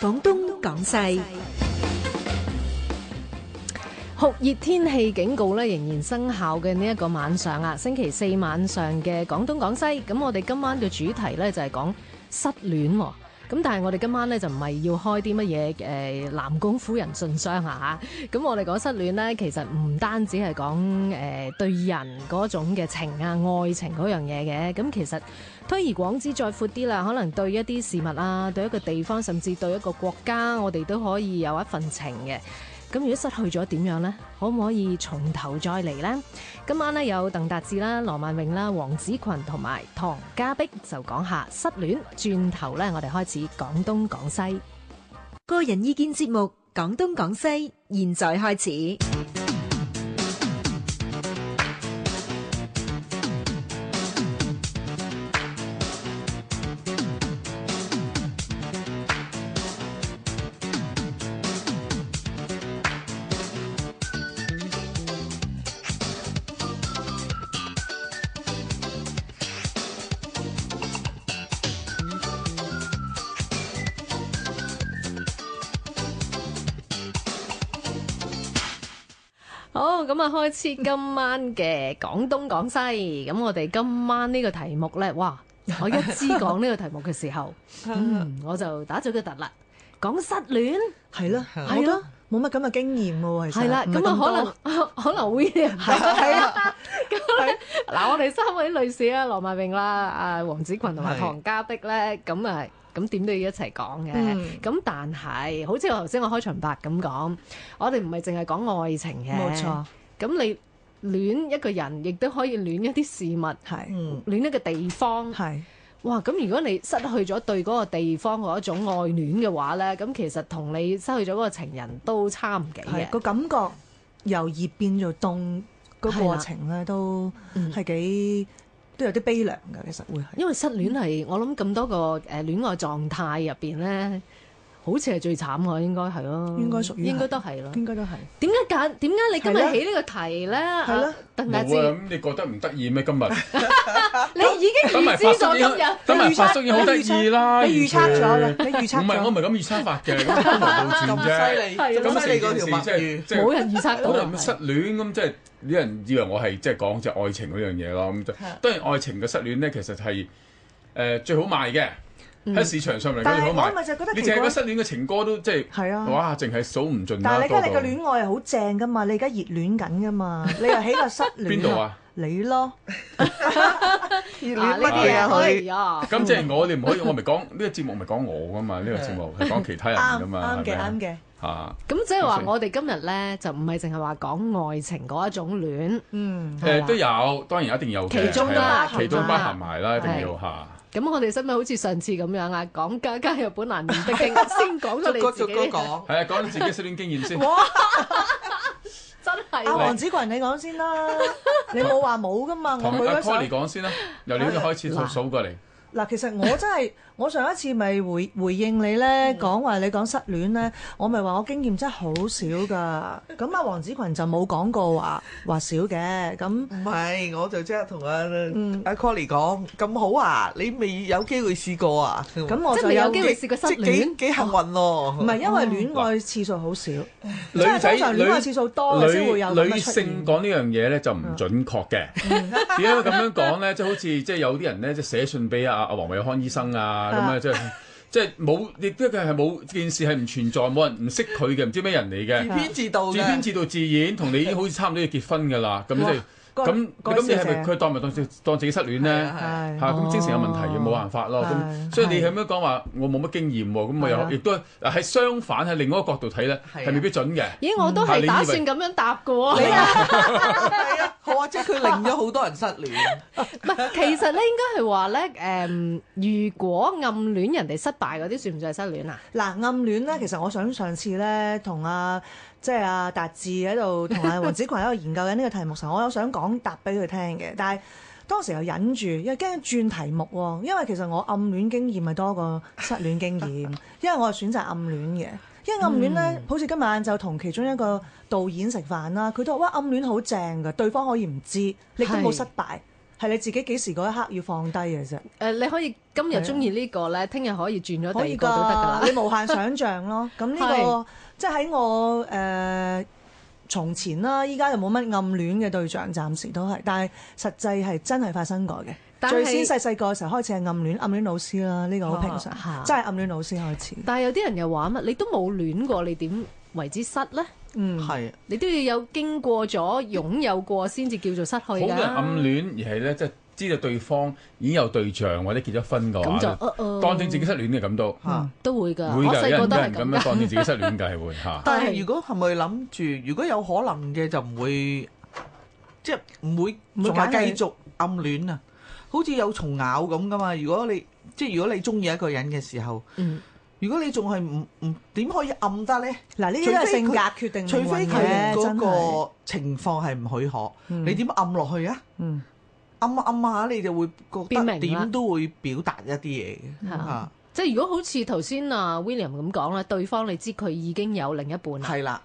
廣東廣西酷熱天氣警告咧仍然生效嘅呢一個晚上啊，星期四晚上嘅廣東廣西，咁我哋今晚嘅主題咧就係講失戀。咁但係我哋今晚咧就唔係要開啲乜嘢誒南宮夫人信箱啊嚇，咁我哋講失戀咧，其實唔單止係講誒對人嗰種嘅情啊，愛情嗰樣嘢嘅，咁、啊、其實推而廣之再闊啲啦，可能對一啲事物啊，對一個地方，甚至對一個國家，我哋都可以有一份情嘅。咁如果失去咗點樣呢？可唔可以從頭再嚟呢？今晚咧有鄧達智啦、羅曼穎啦、黃子群同埋唐嘉碧就講下失戀，轉頭咧我哋開始講東講西個人意見節目《講東講西》，現在開始。開始今晚嘅講東講西，咁我哋今晚呢個題目咧，哇！我一知講呢個題目嘅時候，嗯，我就打咗個突啦，講失戀係咯，係咯，冇乜咁嘅經驗喎，係啦，咁啊可能可能會係啊，咁咧嗱，我哋三位女士啦，羅曼穎啦，阿黃子群同埋唐嘉碧咧，咁啊，咁點都要一齊講嘅，咁但係，好似我頭先我開場白咁講，我哋唔係淨係講愛情嘅，冇錯。咁你戀一個人，亦都可以戀一啲事物，是戀一個地方。哇是！咁如果你失去咗對嗰個地方嗰種愛戀嘅話呢，咁其實同你失去咗嗰個情人都差唔幾嘅。個感覺由熱變咗凍，個過程咧、啊、都係幾、嗯、都有啲悲涼嘅。其實會係因為失戀係、嗯、我諗咁多個誒戀愛狀態入邊呢，好似係最慘喎，應該係咯，應該都係咯，應該都係。點解揀？點解你今日起呢個題咧？係啦，鄧達智咁你覺得唔得意咩？今日你已經預知咗今日，預測咗。唔係，我唔係咁預測法嘅，咁一路傳啫。咁犀利，咁成件事即係即係冇人預測到失戀咁，即係啲人以為我係即係講就愛情嗰樣嘢咯。咁當然愛情嘅失戀咧，其實係誒最好賣嘅。喺市場上嚟佢都好賣。你淨係失戀嘅情歌都即係，哇，淨係數唔盡。但係你而家你嘅戀愛係好正㗎嘛？你而家熱戀緊㗎嘛？你又起個失戀。邊度啊？你咯，熱戀啲嘢去！咁即係我哋唔可以，我咪講呢個節目，咪講我㗎嘛？呢個節目係講其他人㗎嘛？啱嘅，啱嘅。啊！咁即係話我哋今日咧就唔係淨係話講愛情嗰一種戀，嗯，誒都有，當然一定有其中啦，其中包含埋啦，一定要吓。咁我哋使唔使好似上次咁樣啊？講家家有本難念，定定先講咗你自己？嗰嗰講係啊，講你自己失戀經驗先。哇！真係啊，黃子群你講先啦，你冇話冇噶嘛？我同阿 Colly 講先啦，由你開始數數過嚟。嗱，其實我真係。我上一次咪回回應你咧，講話你講失戀咧，我咪話我經驗真係好少噶。咁阿黃子群就冇講過話話少嘅。咁唔係，我就即刻同阿阿 Colly 講，咁好啊！你未有機會試過啊？咁我就有機會試過失戀，幾幸運咯。唔係因為戀愛次數好少，女仔戀愛次數多先會有女性講呢樣嘢咧，就唔準確嘅。點解咁樣講咧？即係好似即係有啲人咧，即係寫信俾阿阿黃偉康醫生啊。咁啊，即係即係冇，亦都佢係冇件事係唔存在，冇人唔識佢嘅，唔知咩人嚟嘅，自編自導，自編自導自演，同你已經好似差唔多要結婚㗎啦，咁即係。咁咁你係咪佢當咪當當自己失戀咧？嚇咁精神有問題，冇辦法咯。咁所以你咁樣講話，我冇乜經驗喎。咁我又亦都喺相反喺另一個角度睇咧，係未必準嘅。咦！我都係打算咁樣答嘅啊，係啊，好啊，即係佢令咗好多人失戀。唔係，其實咧應該係話咧誒，如果暗戀人哋失敗嗰啲算唔算係失戀啊？嗱，暗戀咧，其實我想上次咧同阿。即係阿達智喺度，同阿黃子群喺度研究緊呢個題目時候，我有想講答俾佢聽嘅，但係當時又忍住，因為驚轉題目。因為其實我暗戀經驗係多過失戀經驗， 因為我係選擇暗戀嘅。因為暗戀咧，好似今晚就同其中一個導演食飯啦，佢都話哇暗戀好正㗎，對方可以唔知，你都冇失敗，係是你自己幾時嗰一刻要放低嘅啫。誒、呃，你可以今日中意呢個咧，聽日的可以轉咗第二個都得㗎啦，你無限想像咯。咁呢、 呢個。即喺我誒、呃、從前啦，依家又冇乜暗戀嘅對象，暫時都係。但係實際係真係發生過嘅。但是最先細細個嘅時候開始係暗戀，暗戀老師啦，呢、這個好平常，哦啊、真係暗戀老師開始。但係有啲人又話，乜你都冇戀過，你點為之失呢？嗯，係的。你都要有經過咗擁有過先至叫做失去㗎。因為暗戀而呢，而係咧即係。知道對方已經有對象或者結咗婚嘅，就當正自己失戀嘅，感到都會噶。我細個都咁樣當正自己失戀嘅，係會嚇。但係如果係咪諗住，如果有可能嘅就唔會，即係唔會再繼續暗戀啊？好似有蟲咬咁噶嘛。如果你即係如果你中意一個人嘅時候，如果你仲係唔唔點可以暗得咧？嗱，呢啲都係性格決定。除非佢嗰個情況係唔許可，你點暗落去啊？嗯。噏噏下你就會覺得點都會表達一啲嘢嘅，嚇！即係如果好似頭先啊 William 咁講啦，對方你知佢已經有另一半，係啦，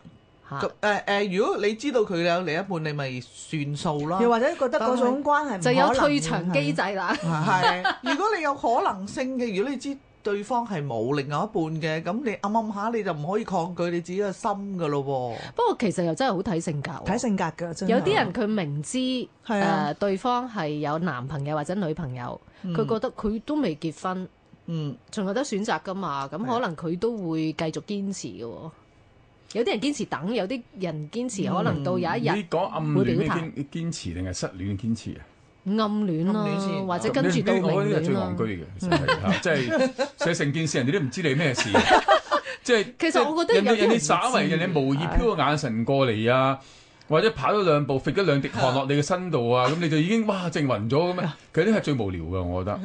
嚇！誒誒如果你知道佢有另一半，你咪算數啦。又或者覺得嗰種關係咪就有退場機制啦。係、就是 如果你有可能性嘅，如果你知。對方係冇另外一半嘅，咁你暗暗下你就唔可以抗拒你自己嘅心嘅咯喎。不過其實又真係好睇性格、啊，睇性格㗎，真係。有啲人佢明知誒、啊呃、對方係有男朋友或者女朋友，佢覺得佢都未結婚，嗯，仲有得選擇㗎嘛？咁可能佢都會繼續堅持嘅。啊、有啲人堅持等，有啲人堅持可能到有一日。講、嗯這個、暗戀嘅堅堅持，定係失戀嘅堅持啊？暗戀咯，或者跟住都戀。咁我嗰啲最戇居嘅，真係，即係成件事人哋都唔知你咩事，即係。其實我覺得，人哋，人哋稍微，人哋無意飄個眼神過嚟啊，或者跑咗兩步，拂咗兩滴汗落你嘅身度啊，咁你就已經哇靜暈咗咁啊！其實呢係最無聊嘅，我覺得，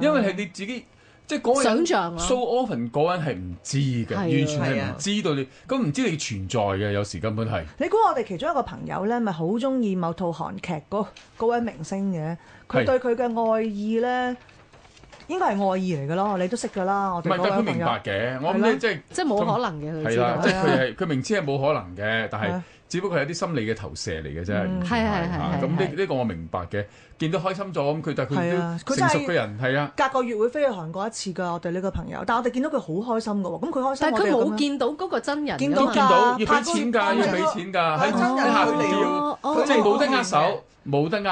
因為係你自己。那個、想像啊 s o、so、often 嗰人係唔知嘅，的完全係唔知道你，咁唔的知你存在嘅，有時根本係。你估我哋其中一個朋友咧，咪好中意某套韓劇嗰位明星嘅，佢對佢嘅愛意咧，應該係愛意嚟嘅咯，你都識嘅啦，我哋我明白嘅，我諗你即係的即係冇可能嘅，佢啦、嗯，即係佢係佢明知係冇可能嘅，但係。只不過係有啲心理嘅投射嚟嘅啫，咁呢呢個我明白嘅。見到開心咗，咁佢就係佢成熟嘅人，係啊。隔個月會飛去韓國一次㗎，我哋呢個朋友。但我哋見到佢好開心嘅喎，咁佢開心。但係佢冇見到嗰個真人，見到見到。要俾錢㗎，要俾錢㗎。真人佢冇得握手，冇得握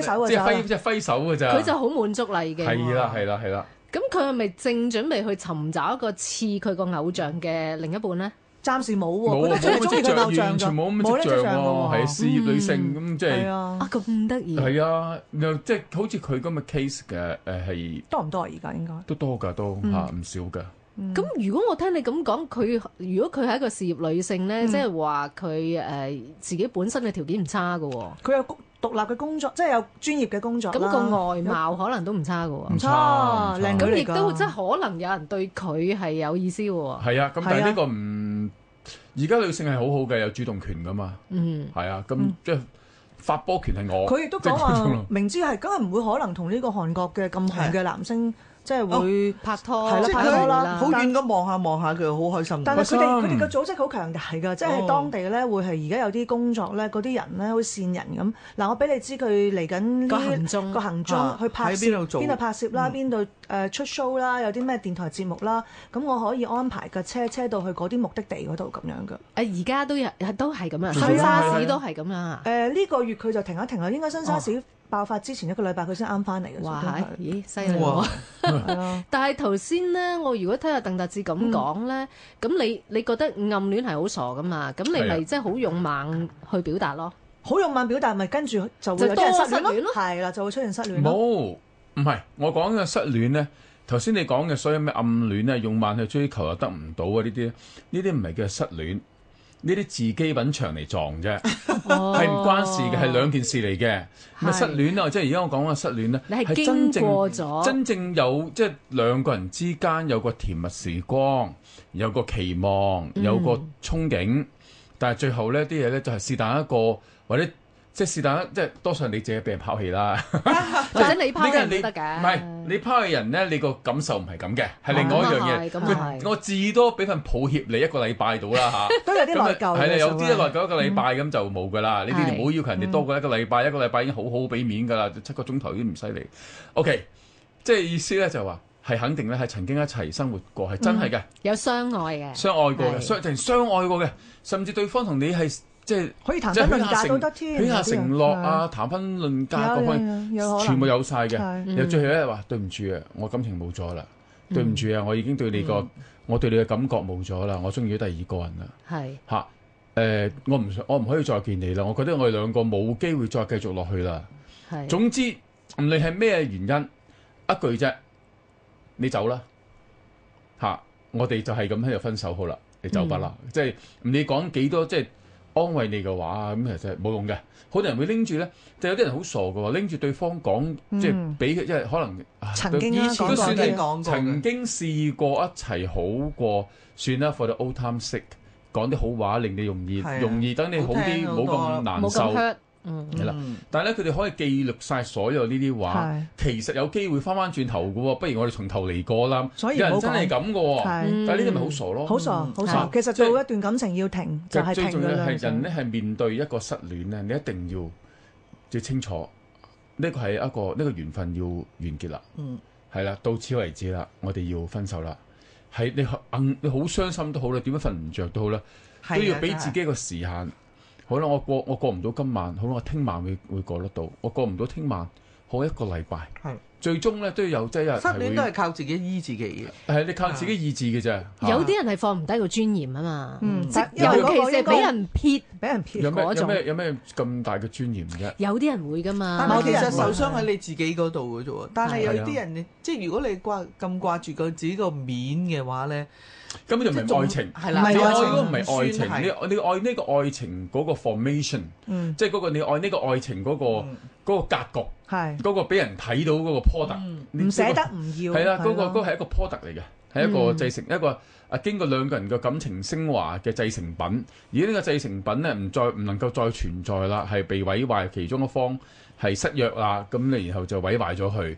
手，即係揮即係揮手㗎咋。佢就好滿足喇已經。係啦，係啦，係啦。咁佢係咪正準備去尋找一個似佢個偶像嘅另一半咧？暫時冇喎，冇冇咁嘅跡象，完全冇咁嘅跡象喎。係事業女性咁，即係啊，咁得意係啊，即係好似佢咁嘅 case 嘅誒係多唔多啊？而家應該都多㗎，都嚇唔少㗎。咁如果我聽你咁講，佢如果佢係一個事業女性咧，即係話佢誒自己本身嘅條件唔差嘅喎，佢有工獨立嘅工作，即係有專業嘅工作啦。咁個外貌可能都唔差嘅喎，唔錯靚女嚟㗎。咁亦都即係可能有人對佢係有意思喎。係啊，咁但係呢個唔。而家女性係好好嘅，有主動權噶嘛，嗯，係啊，咁、嗯、即係發波權係我。佢亦都講話， 明知係，梗係唔會可能同呢個韓國嘅咁紅嘅男星。即係會拍拖，係啦，拍拖啦，好遠咁望下望下，佢好開心。但係佢哋佢哋個組織好強大噶，即係當地咧會係而家有啲工作咧，嗰啲人咧好善人咁。嗱，我俾你知佢嚟緊個行蹤，個行蹤去拍攝邊度做，邊度拍攝啦，邊度誒出 show 啦，有啲咩電台節目啦。咁我可以安排架車車到去嗰啲目的地嗰度咁樣噶。誒而家都有，都係咁樣，新沙士都係咁樣啊。誒呢個月佢就停一停啦，應該新沙士爆發之前一個禮拜佢先啱翻嚟嘅，哇！係，咦，犀利喎！但係頭先咧，我如果聽阿鄧達智咁講咧，咁你你覺得暗戀係好傻噶嘛？咁你咪即係好勇猛去表達咯？好勇猛表達咪跟住就會有啲人失戀咯？係啦，就會出現失戀。冇，唔係我講嘅失戀咧。頭先你講嘅所有咩暗戀咧，勇猛去追求又得唔到啊？呢啲呢啲唔係叫失戀。呢啲自己揾牆嚟撞啫，係唔 關事嘅，係 兩件事嚟嘅。咪 失戀咯，即係而家我講嘅失戀咧，係真正真正有即係、就是、兩個人之間有個甜蜜時光，有個期望，有個憧憬，嗯、但係最後呢啲嘢咧就係是但一個或者。即是但，即係多數你自己俾人拋棄啦。或者你拋嘅先得嘅。唔係你拋嘅人咧，你個感受唔係咁嘅，係另外一樣嘢。我至多俾份抱歉你一個禮拜到啦嚇。都有啲內疚嘅。係啦，有啲咧內疚一個禮拜咁就冇噶啦。你啲唔好要求人哋多過一個禮拜，一個禮拜已經好好俾面噶啦，七個鐘頭已經唔犀利。OK，即係意思咧就話係肯定咧，係曾經一齊生活過，係真係嘅。有相愛嘅。相愛過，曾經相愛過嘅，甚至對方同你係。即係可以談婚論嫁都得添，許下承諾啊，談婚論嫁咁樣，全部有晒嘅。然後最後咧話對唔住啊，我感情冇咗啦，對唔住啊，我已經對你個，我對你嘅感覺冇咗啦，我中意咗第二個人啦。係吓，誒，我唔想，我唔可以再見你啦。我覺得我哋兩個冇機會再繼續落去啦。係總之唔理係咩原因，一句啫，你走啦。吓，我哋就係咁喺度分手好啦，你走返啦。即係你講幾多即係。安慰你嘅話咁其實冇用嘅，好多人會拎住咧，就係、有啲人好傻嘅喎，拎住對方講，嗯、即係俾佢即係可能曾經講、啊、對過，曾經試過一齊好過，算啦，for the old time's sake，講啲好話令你容易、啊、容易，等你好啲，冇咁、嗰個、難受。係啦，但係咧，佢哋可以記錄晒所有呢啲話，其實有機會翻翻轉頭噶喎。不如我哋從頭嚟過啦，有人真係咁噶喎。但係呢啲咪好傻咯？好傻，好傻。其實到一段感情要停就係停噶啦。最重要係人咧係面對一個失戀咧，你一定要最清楚呢個係一個呢個緣分要完結啦。嗯，係啦，到此為止啦，我哋要分手啦。係你好，你好傷心都好啦，點樣瞓唔着都好啦，都要俾自己一個時限。好啦，我過我過唔到今晚，好啦，我聽晚會會過得到。我過唔到聽晚，好一個禮拜。係最終咧，都要有即係。失戀都係靠自己醫自己嘅。係你靠自己意志嘅啫。有啲人係放唔低個尊嚴啊嘛。嗯，尤其是俾人撇，俾人撇嗰種。有咩有咩有咩咁大嘅尊嚴嘅？有啲人會噶嘛。但係其實受傷喺你自己嗰度嘅啫喎。但係有啲人，即係如果你掛咁掛住個自己個面嘅話咧。根本就唔係愛情，你愛如果唔係愛情，你你愛呢個愛情嗰個 formation，即係嗰你愛呢個愛情嗰個格局，嗰個俾人睇到嗰個 product，唔捨得唔要，係啦，嗰個嗰係一個 product 嚟嘅，係一個製成一個啊經過兩個人嘅感情升華嘅製成品，而呢個製成品咧唔再唔能夠再存在啦，係被毀壞，其中一方係失約啦，咁你然後就毀壞咗佢。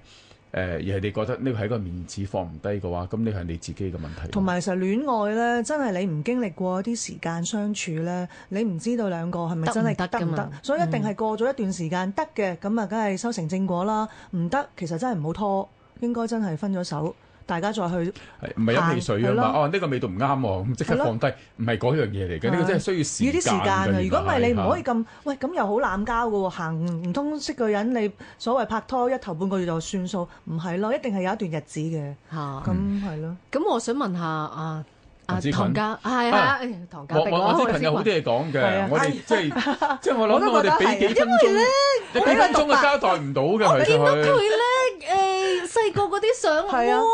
誒，而係你覺得呢個係一個面子放唔低嘅話，咁呢係你自己嘅問題。同埋其實戀愛呢，真係你唔經歷過一啲時間相處呢，你唔知道兩個係咪真係得唔得？所以一定係過咗一段時間得嘅，咁啊梗係修成正果啦。唔得，其實真係唔好拖，應該真係分咗手。大家再去唔係飲汽水啊嘛？哦，呢個味道唔啱，咁即刻放低，唔係嗰樣嘢嚟嘅。呢個真係需要時間。要啲時間啊！如果唔係，你唔可以咁。喂，咁又好濫交㗎喎，行唔通識個人，你所謂拍拖一頭半個月就算數，唔係咯？一定係有一段日子嘅。嚇，咁係咯。咁我想問下啊。唐嘉係啊，唐嘉碧嗰個我知朋友好多嘢講嘅，我哋即係即係我攞我哋俾幾分鐘，幾分鐘嘅交代唔到嘅。我見到佢咧誒細個嗰啲相啊，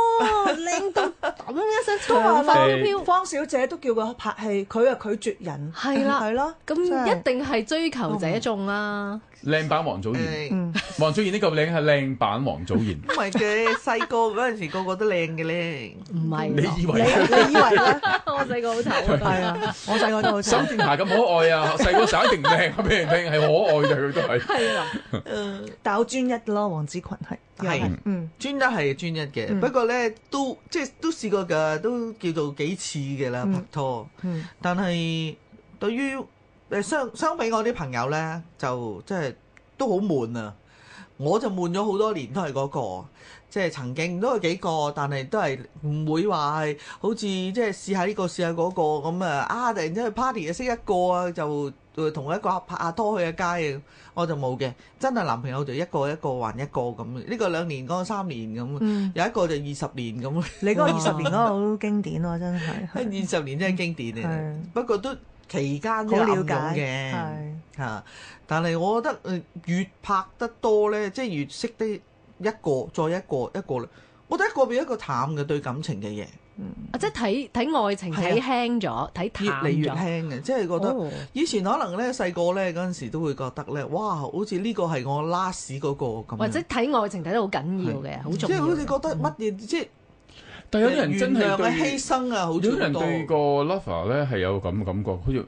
靚到抌一都拖鞋翻去。方小姐都叫佢拍戲，佢又拒絕人。係啦，係啦，咁一定係追求者眾啦。靚版王祖賢，嗯、王祖賢呢個靚係靚版王祖賢。唔係嘅，細個嗰陣時個個都靚嘅咧。唔係 的。你以為？ 你以為？ 我細個好醜。係啊，我細個都好醜。沈殿霞咁可愛啊，細個就一定唔靚俾人聽，係可愛嘅佢都係。係啊，但係我專一咯，黃子群係。係，專、嗯、一係專一嘅，嗯、不過咧都即係都試過噶，都叫做幾次嘅啦拍拖。但係是、嗯、對於。誒相相比我啲朋友咧，就即係都好悶啊！我就悶咗好多年，都係嗰、嗰個，即係曾經都有幾個，但係都係唔會話係好似即係試下呢個試下嗰個咁啊！啊突然之間去 party 啊識一個啊，就同一個拍下拖去嘅街，我就冇嘅。真係男朋友就一個一個還一個咁，呢、呢個兩年嗰、嗰個、三年咁，有一個就二十年咁。嗯、 你嗰個二十年都好經典喎、啊，真係。二十年真係經典嚟。嗯、不過都。期間都了解嘅，嚇的！但係我覺得誒越拍得多咧，即係越識得一個再一個一個啦。我覺得一個比一個淡嘅對感情嘅嘢，嗯、啊！即係睇睇愛情睇輕咗，睇的淡咗。越嚟越輕嘅，即係覺得以前可能咧細個咧嗰陣時,時都會覺得咧，哇！好似呢個係我 last 嗰、那個咁。或者睇愛情睇得好緊要嘅，好的重要即係好似覺得乜嘢、嗯、即係。但有啲人真係犧牲啊！好有啲人對個 lover 咧係有咁嘅感覺，好似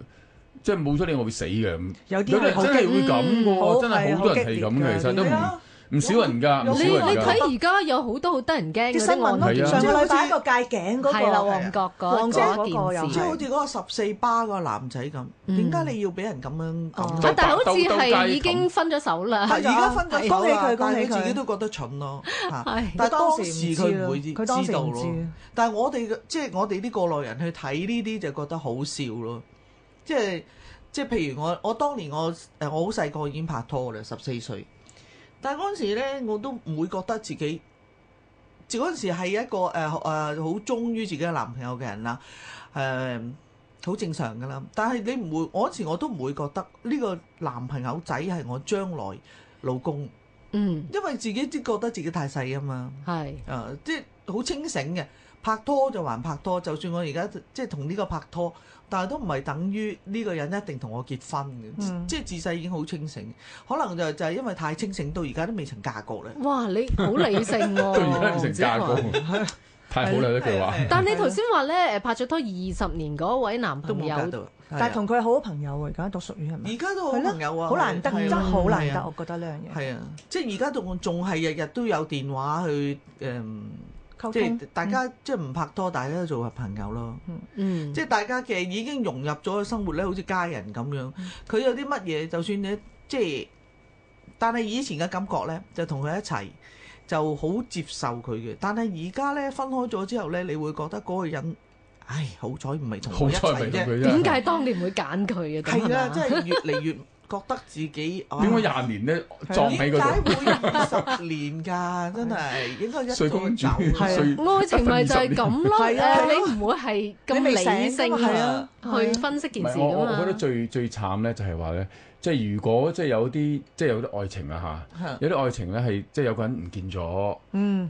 即係冇咗你我會死嘅咁。有啲人真係會咁嘅喎，真係好多人係咁嘅，其實都。唔、啊。唔少人噶，你你睇而家有好多好得人驚嘅新聞咯，即係好似戴個戒頸嗰個旺角嗰嗰件事，即係好似嗰個十四巴個男仔咁，點解你要俾人咁樣講？但係好似係已經分咗手啦。而家分咗手，講起佢，講起自己都覺得蠢咯。但係當時佢唔會知道。佢當時唔知。但係我哋即係我哋啲過來人去睇呢啲就覺得好笑咯。即係即係譬如我我當年我誒我好細個已經拍拖啦，十四歲。但係嗰陣時咧，我都唔會覺得自己，嗰陣時係一個誒誒好忠於自己嘅男朋友嘅人啦，誒、呃、好正常㗎啦。但係你唔會，我嗰時我都唔會覺得呢個男朋友仔係我將來老公，嗯，因為自己即係覺得自己太細啊嘛，係，誒、呃、即係好清醒嘅。拍拖就還拍拖，就算我而家即係同呢個拍拖，但係都唔係等於呢個人一定同我結婚嘅，即係自細已經好清醒，可能就就係因為太清醒到而家都未曾嫁過咧。哇！你好理性喎，都未曾嫁過，太好啦呢句話。但係你頭先話咧，誒拍咗拖二十年嗰位男朋友，但係同佢係好好朋友，而家讀熟語係咪？而家都好朋友啊，好難得，真係好難得，我覺得呢樣嘢。係啊，即係而家仲仲係日日都有電話去誒。即係大家、嗯、即係唔拍拖，大家都做下朋友咯。嗯即係大家其實已經融入咗生活咧，好似家人咁樣。佢、嗯、有啲乜嘢，就算你即係，但係以前嘅感覺咧，就同佢一齊就好接受佢嘅。但係而家咧分開咗之後咧，你會覺得嗰個人，唉，好彩唔係同佢一齊啫。點解當年會揀佢嘅？係啊， 即係越嚟越。 覺得自己點解廿年咧撞喺度？點解會十年㗎？真係應該一睡公主，愛情咪就係咁咯？你唔會係咁理性去分析件事㗎嘛？我覺得最最慘咧就係話咧，即係如果即係有啲即係有啲愛情啊嚇，有啲愛情咧係即係有個人唔見咗，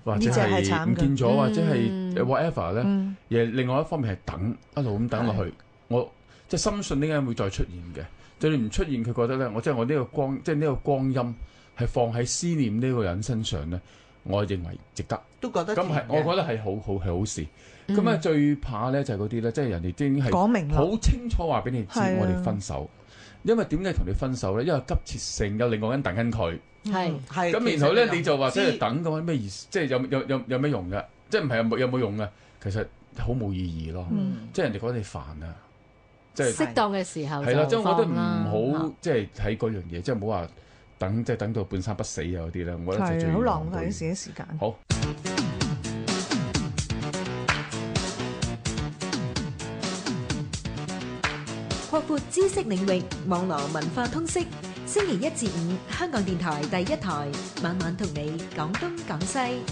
或者係唔見咗，或者係 whatever 咧，嘢另外一方面係等一路咁等落去，我即係深信呢個人會再出現嘅。就你唔出現，佢覺得咧，我即係我呢個光，即係呢個光陰係放喺思念呢個人身上咧，我認為值得。都覺得咁係，我覺得係好好係好事。咁啊、嗯，最怕咧就係嗰啲咧，即係人哋已經係講明啦，好清楚話俾你知我哋分手。因為點解同你分手咧？因為急切性有另外一個人等緊佢。係係、嗯。咁、嗯、然後咧你就話即係等嘅咩是意思？即係有有有有咩用嘅？即係唔係有冇用嘅？其實好冇意義咯。嗯、即係人哋覺得你煩啊。即係適當嘅時候，係啦，即係我覺得唔好，即係睇嗰樣嘢，即係唔好話等，即係等到半生不死啊嗰啲啦。我覺得就最浪費時間。好，擴闊知識領域，網羅文化通識，星期一至五，香港電台第一台，晚晚同你講東講西。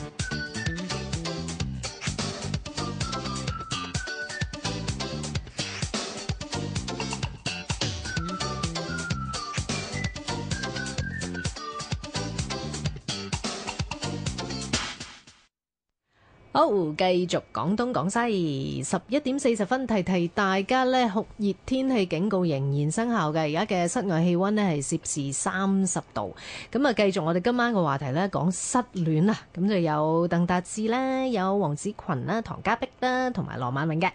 好，繼續講東講西。十一點四十分，提提大家咧，酷熱天氣警告仍然生效嘅。而家嘅室外氣溫咧係攝氏三十度。咁啊，繼續我哋今晚嘅話題咧，講失戀啊。咁就有鄧達智咧，有黃子群啦，唐嘉碧啦，同埋羅曼穎嘅。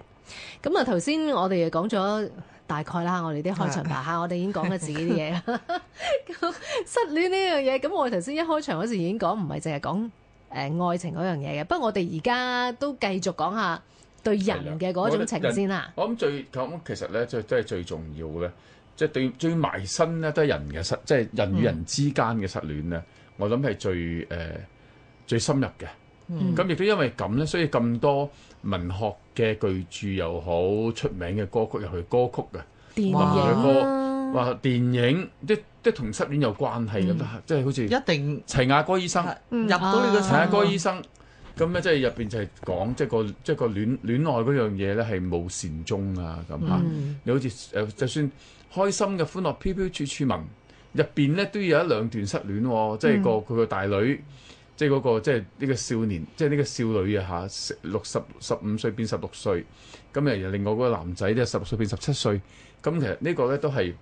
咁啊，頭先我哋又講咗大概啦，我哋啲開場白嚇，我哋已經講咗自己啲嘢。失戀呢樣嘢，咁我哋頭先一開場嗰時已經講，唔係淨係講。誒、呃、愛情嗰樣嘢嘅，不過我哋而家都繼續講下對人嘅嗰種情先啦。我諗最咁其實咧，最都係最重要咧，即係對最埋身咧，都係人嘅失，即係人與人之間嘅失戀咧。嗯、我諗係最誒、呃、最深入嘅。咁亦都因為咁咧，所以咁多文學嘅巨著又好，出名嘅歌曲又去歌曲嘅電影啊。哇話電影即啲同失戀有關係嘅，嗯、即係好似一定。齊亞哥醫生入到呢個齊亞哥醫生咁咧、啊，即係入邊就係講即係個即係個戀戀愛嗰樣嘢咧，係冇善終啊咁嚇！嗯、你好似誒，就算開心嘅歡樂飄飄處處聞，入邊咧都要有一兩段失戀喎、哦。即係個佢個、嗯、大女，即係嗰個即係呢個少年，即係呢個少女啊嚇！六十十五歲變十六歲，咁、嗯、又另外嗰個男仔咧十六歲變十七歲，咁其實個呢個咧都係。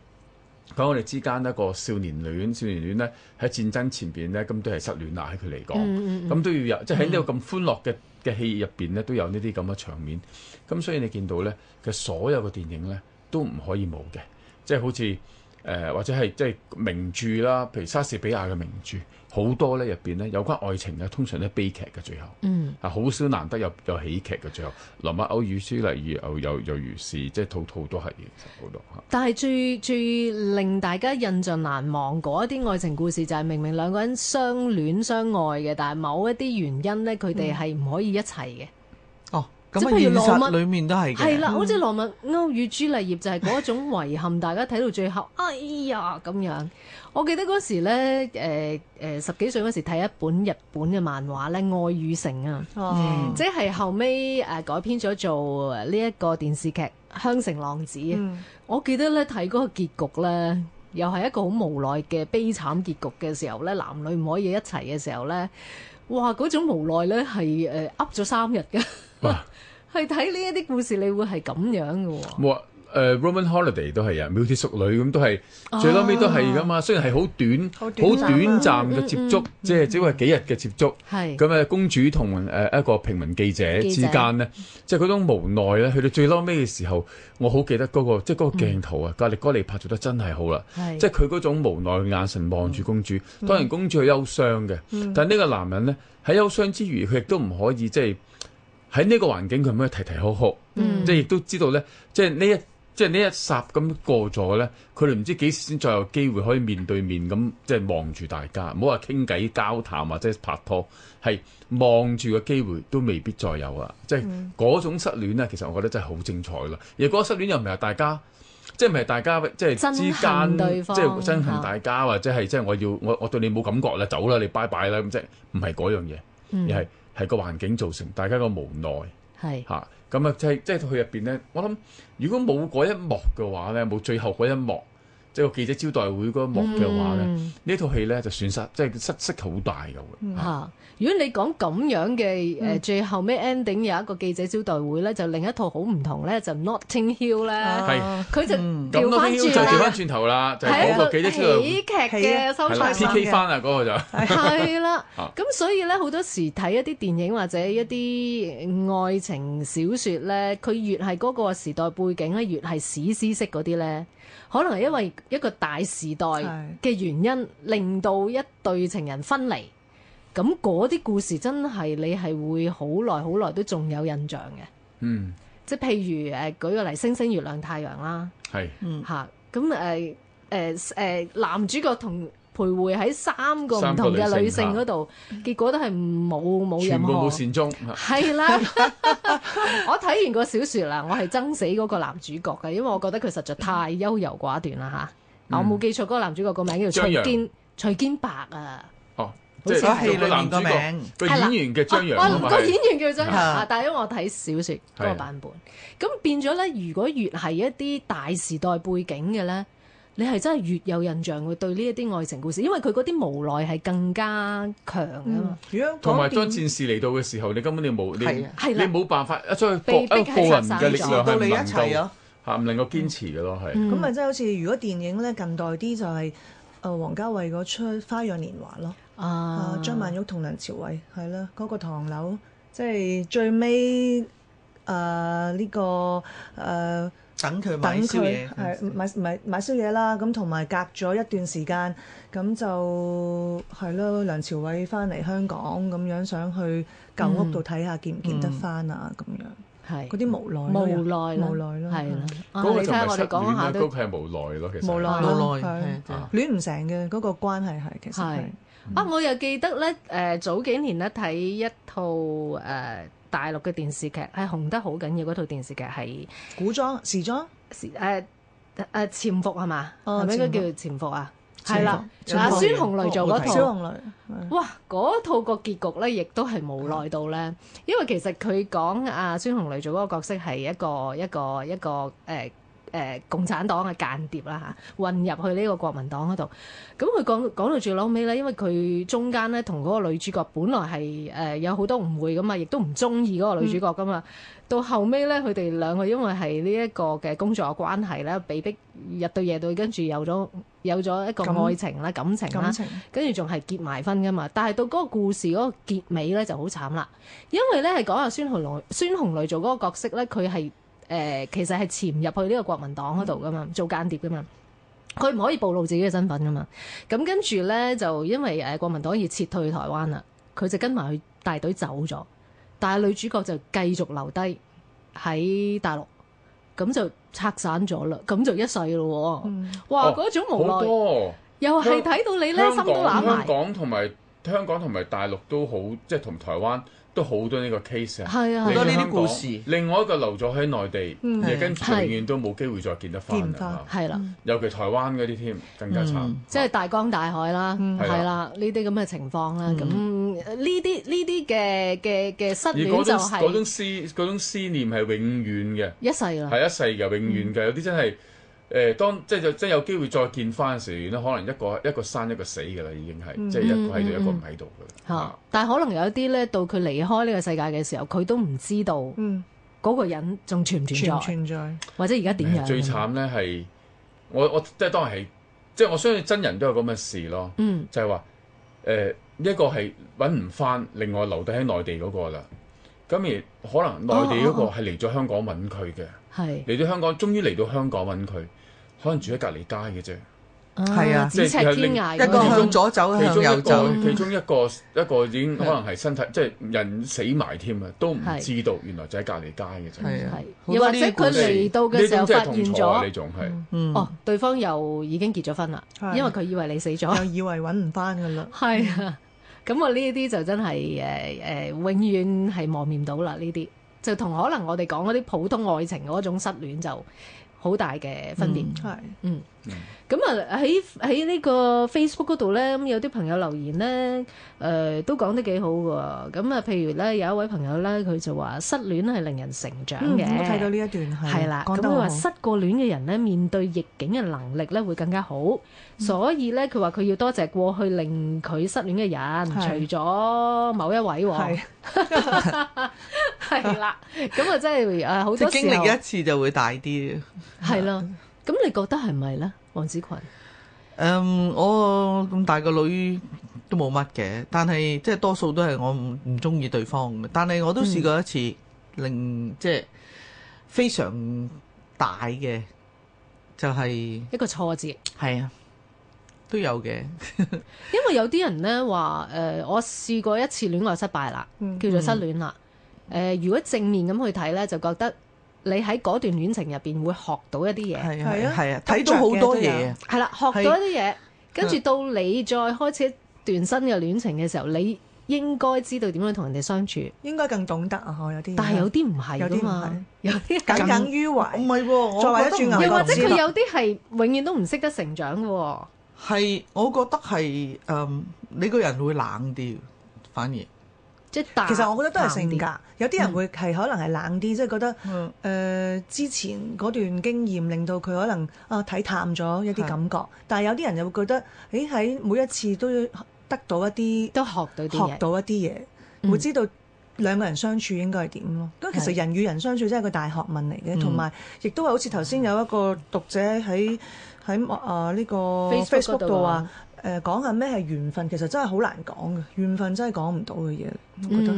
咁我哋之間一個少年戀，少年戀呢喺戰爭前邊呢，咁都係失戀啦，喺佢嚟講，咁、嗯、都要有，即係喺呢個咁歡樂嘅嘅戲入邊呢，都有呢啲咁嘅場面。咁所以你見到呢，佢所有嘅電影呢都唔可以冇嘅，即、就、係、是、好似誒、呃、或者係即係名著啦，譬如莎士比亞嘅名著。好多咧入邊咧有關愛情嘅，通常都悲劇嘅最後。嗯，啊好少難得有有喜劇嘅最後。羅密歐與茱麗葉又又又如是，是，即係套套都係好多。但係最最令大家印象難忘嗰一啲愛情故事，就係、是、明明兩個人相戀相愛嘅，但係某一啲原因呢，佢哋係唔可以一齊嘅。嗯咁，即係譬如羅密裡面都係嘅，係啦、嗯，好似羅密歐與朱麗葉就係嗰一種遺憾，大家睇到最後， 哎呀咁樣。我記得嗰時咧，誒、呃、誒十幾歲嗰時睇一本日本嘅漫畫咧，《愛與誠》啊、嗯嗯，即係後尾誒改編咗做呢一個電視劇《香城浪子》。嗯、我記得咧睇嗰個結局咧，又係一個好無奈嘅悲慘結局嘅時候咧，男女唔可以一齊嘅時候咧，哇嗰種無奈咧係誒噏咗三日嘅。哇！係睇呢一啲故事，你會係咁樣嘅、啊。冇，誒、呃、Roman Holiday 都係啊，窈窕淑女咁都係，啊、最嬲尾都係噶嘛。雖然係好短、好短暫嘅、啊、接觸，嗯嗯即係只係幾日嘅接觸。係咁啊，公主同誒、呃、一個平民記者之間呢，者即係嗰種無奈咧。去到最嬲尾嘅時候，我好記得嗰、嗰個，即係個鏡頭啊，格力哥利柏做得真係好啦。是即係佢嗰種無奈嘅眼神望住公主，當然公主係憂傷嘅，嗯、但係呢個男人咧喺憂傷之餘，佢亦都唔可以即係。喺呢個環境，佢唔可以提提哭哭，即係亦都知道咧。即係呢一即係呢一霎咁過咗咧，佢哋唔知幾時先再有機會可以面對面咁，即係望住大家，唔好話傾偈、交談或者拍拖，係望住個機會都未必再有啦。即係嗰種失戀咧，其實我覺得真係好精彩啦。而嗰個失戀又唔係大家，即係唔係大家即係、即係、之間，即係憎，憎恨大家，哦、或者係即係我要我我對你冇感覺啦，走啦，你拜拜啦，咁即係唔係嗰樣嘢，而係、嗯。係個環境造成大家個無奈，係吓咁啊！即係即係去入邊咧，我諗如果冇嗰一幕嘅話咧，冇最後嗰一幕。即係記者招待會嗰一幕嘅話咧，呢套戲咧就損失，即係失色好大嘅喎。嚇！如果你講咁樣嘅誒，最後尾 ending 有一個記者招待會咧，就另一套好唔同咧，就 Notting Hill 咧，佢就調翻轉啦，調翻轉頭啦，係嗰個喜劇嘅心態，係 P K 翻啊嗰個就係啦。咁所以咧，好多時睇一啲電影或者一啲愛情小説咧，佢越係嗰個時代背景咧，越係史詩式嗰啲咧。可能係因為一個大時代嘅原因，是令到一對情人分離。咁嗰啲故事真係你係會好耐好耐都仲有印象嘅。嗯，即係譬如誒，舉個例，星星、月亮、太陽啦。係是。嗯。嚇！咁誒誒誒，男主角同。徘徊喺三個唔同嘅女性嗰度，結果都係冇冇任何。全部冇善終，係啦。我睇完個小説啦，我係憎死嗰個男主角嘅，因為我覺得佢實在太優柔寡斷啦嚇。我冇記錯，嗰個男主角個名叫做徐堅，徐堅白啊。哦，即係戲裡面個名。個演員嘅張揚。個演員叫張揚啊，但因為我睇小説嗰個版本，咁變咗咧。如果越係一啲大時代背景嘅咧。你係真係越有印象，會對呢一啲愛情故事，因為佢嗰啲無奈係更加強㗎嘛、嗯。如果同埋當戰事嚟到嘅時候，你根本你冇你的你冇辦法啊！將被逼係拆咗，消到你一齊咗嚇，唔能，能夠堅持嘅咯，係。咁啊，真係好似如果電影咧近代啲就係誒王家衛嗰出《花樣年華》咯，啊，啊張曼玉同梁朝偉係啦，嗰、那個唐樓，即、就、係、是、最尾誒呢個誒。等佢買宵夜，係買買買宵夜啦。咁同埋隔咗一段時間，咁就係咯。梁朝偉翻嚟香港咁樣，想去舊屋度睇下，見唔見得翻啊？咁樣，嗰啲無奈，無奈咯，係咯。咁你聽下我哋講下都，佢係無奈咯，其實無奈，戀唔成嘅嗰個關係係其實係。啊，我又記得咧，誒早幾年咧睇一套誒，大陸嘅電視劇係紅得好緊要，嗰套電視劇係古裝、時裝，誒誒、啊、潛伏係嘛？係咪應該叫潛伏啊？係伏啦，阿孫紅雷做嗰套，哇，嗰套個結局咧，亦都係無奈到咧，因為其實佢講啊，孫紅雷做嗰個角色係一個一個一個誒。誒、呃、共產黨嘅間諜啦嚇、啊，混入去呢個國民黨嗰度。咁佢講講到最，最後尾咧，因為佢中間咧同嗰個女主角本來係誒、呃、有好多誤會噶嘛，亦都唔中意嗰個女主角噶嘛。嗯、到後尾咧，佢哋兩個因為係呢一個嘅工作嘅關係咧，被逼日到夜到夜，跟住有咗有咗一個愛情啦感，感情啦，情跟住仲係結埋婚噶嘛。但係到嗰個故事嗰個結尾咧就好慘啦，因為咧係講下孫紅雷孫紅雷做嗰個角色咧，佢係。誒其實係潛入去呢個國民黨嗰度㗎嘛，做間諜㗎嘛，佢唔可以暴露自己嘅身份㗎嘛。咁跟住呢，就因為誒國民黨要撤退台灣啦，佢就跟埋去大隊走咗，但係女主角就繼續留低喺大陸，咁就拆散咗啦，咁就一世咯喎。嗯、哇，嗰、哦、種無奈，多又係睇到你呢，港心都冷埋。香港同埋香港同埋大陸都好，即係同台灣。都好多呢個 case 啊，好多呢啲故事。另外一個留咗喺內地，亦跟住永遠都冇機會再見得翻啦，係啦。尤其台灣嗰啲添更加慘，即係大江大海啦，係啦，呢啲咁嘅情況啦。咁呢啲呢啲嘅嘅嘅失戀就係嗰種思嗰種思念係永遠嘅，一世啦，係一世嘅，永遠嘅。有啲真係。誒，當即係就真有機會再見翻嘅時候，咧可能一個一個生一個死嘅啦，已經係、嗯、即係一個喺度，一個唔喺度嘅啦。吓是，但係可能有一啲咧，到佢離開呢個世界嘅時候，佢都唔知道，嗯，嗰個人仲存唔存在，存存在或者而家點樣？最慘咧係，我我即係當然係，即係我相信真人都有咁嘅事咯。嗯，就係話，誒、呃，一個係搵唔翻，另外留低喺內地嗰個啦。咁而可能內地嗰個係嚟咗香港揾佢嘅。係嚟咗香港，終於嚟到香港揾佢。 可能住喺隔籬街嘅啫，係啊，咫尺天涯。一個向左走，向右走。其中一個，一個已經可能係身體，即係人死埋添啊，都唔知道原來就喺隔籬街嘅啫。係又或者佢嚟到嘅時候發現咗呢仲係，哦，對方又已經結咗婚啦，因為佢以為你死咗，又以為搵唔翻噶啦。係啊，咁我呢啲就真係誒誒，永遠係磨面到啦。呢啲就同可能我哋講嗰啲普通愛情嗰種失戀就。好大嘅分別，係嗯。嗯。咁啊喺喺呢個 Facebook 嗰度呢，咁有啲朋友留言呢，誒都講得幾好嘅。咁啊，譬如呢，有一位朋友呢，佢就話失戀係令人成長嘅。我睇到呢一段係，係啦。咁佢話失過戀嘅人呢，面對逆境嘅能力呢會更加好。所以呢，佢話佢要多謝過去令佢失戀嘅人，除咗某一位喎。係啦，咁啊真係誒好多時經歷一次就會大啲，係咯。咁你覺得係咪呢？黃子群？誒，um, 我咁大個女都冇乜嘅，但係即係多數都係我唔唔中意對方。但係我都試過一次、嗯、令即係非常大嘅，就係、是、一個挫折。係啊，都有嘅。 因為有啲人呢話誒、呃，我試過一次戀愛失敗啦，嗯、叫做失戀啦、嗯呃。如果正面咁去睇呢，就覺得，你喺嗰段戀情入邊會學到一啲嘢，係啊，係啊，睇到好多嘢，係啦、啊，學到一啲嘢，跟住、啊、到你再開始一段新嘅戀情嘅時候，啊、你應該知道點樣同人哋相處，應該更懂得啊！有啲，但係有啲唔係噶嘛，有啲耿耿於懷，唔係、啊，我覺得又或者佢有啲係永遠都唔識得成長嘅、啊。係，我覺得係，嗯，你個人會冷啲，反而。即其實我覺得都係性格，有啲人會係可能係冷啲，即係覺得誒之前嗰段經驗令到佢可能啊睇淡咗一啲感覺，但係有啲人又會覺得誒喺每一次都得到一啲，都學到學到一啲嘢，會知道兩個人相處應該係點咯。咁其實人與人相處真係個大學問嚟嘅，同埋亦都係好似頭先有一個讀者喺喺啊呢個 Facebook 度話。誒講、呃、下咩係緣分，其實真係好難講嘅，緣分真係講唔到嘅嘢，嗯、我覺得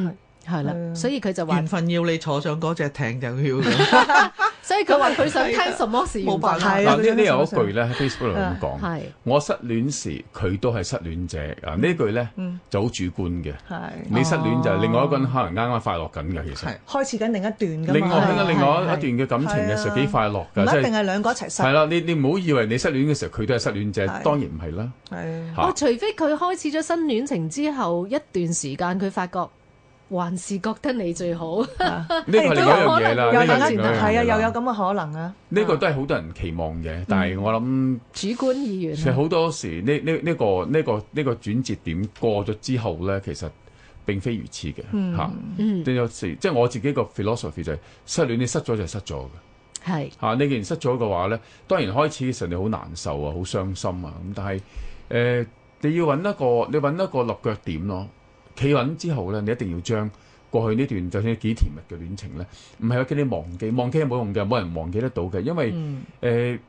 係係啦，的呃、所以佢就話緣分要你坐上嗰隻艇就要。 所以佢話佢想聽什麼事？冇辦法。呢呢有一句咧喺 Facebook 度咁講：我失戀時，佢都係失戀者。啊，呢句咧就好主觀嘅。係，你失戀就係另外一個人可能啱啱快樂緊嘅，其實開始緊另一段嘅。另外，另外一段嘅感情嘅時候幾快樂㗎。一定係兩個一齊失戀。係啦，你你唔好以為你失戀嘅時候佢都係失戀者，當然唔係啦。係。哇，除非佢開始咗新戀情之後一段時間，佢發覺。還是覺得你最好，呢 有可能，有可能，有有係啊，又有咁嘅可能啊。呢個都係好多人期望嘅，嗯、但係我諗主觀意願。其實好多時呢呢呢個呢、這個呢、這個轉、這個這個、折點過咗之後咧，其實並非如此嘅。吓，嗯，仲有、啊嗯、是即係我自己個 philosophy 就係失戀，你失咗就失咗嘅。係吓是、啊，你既然失咗嘅話咧，當然開始嘅時候你好難受啊，好傷心啊。咁但係誒、呃，你要揾一個，你揾一個落腳點咯。企穩之後咧，你一定要將過去呢段就算幾甜蜜嘅戀情咧，唔係叫你忘記，忘記係冇用嘅，冇人忘記得到嘅，因為誒、嗯呃、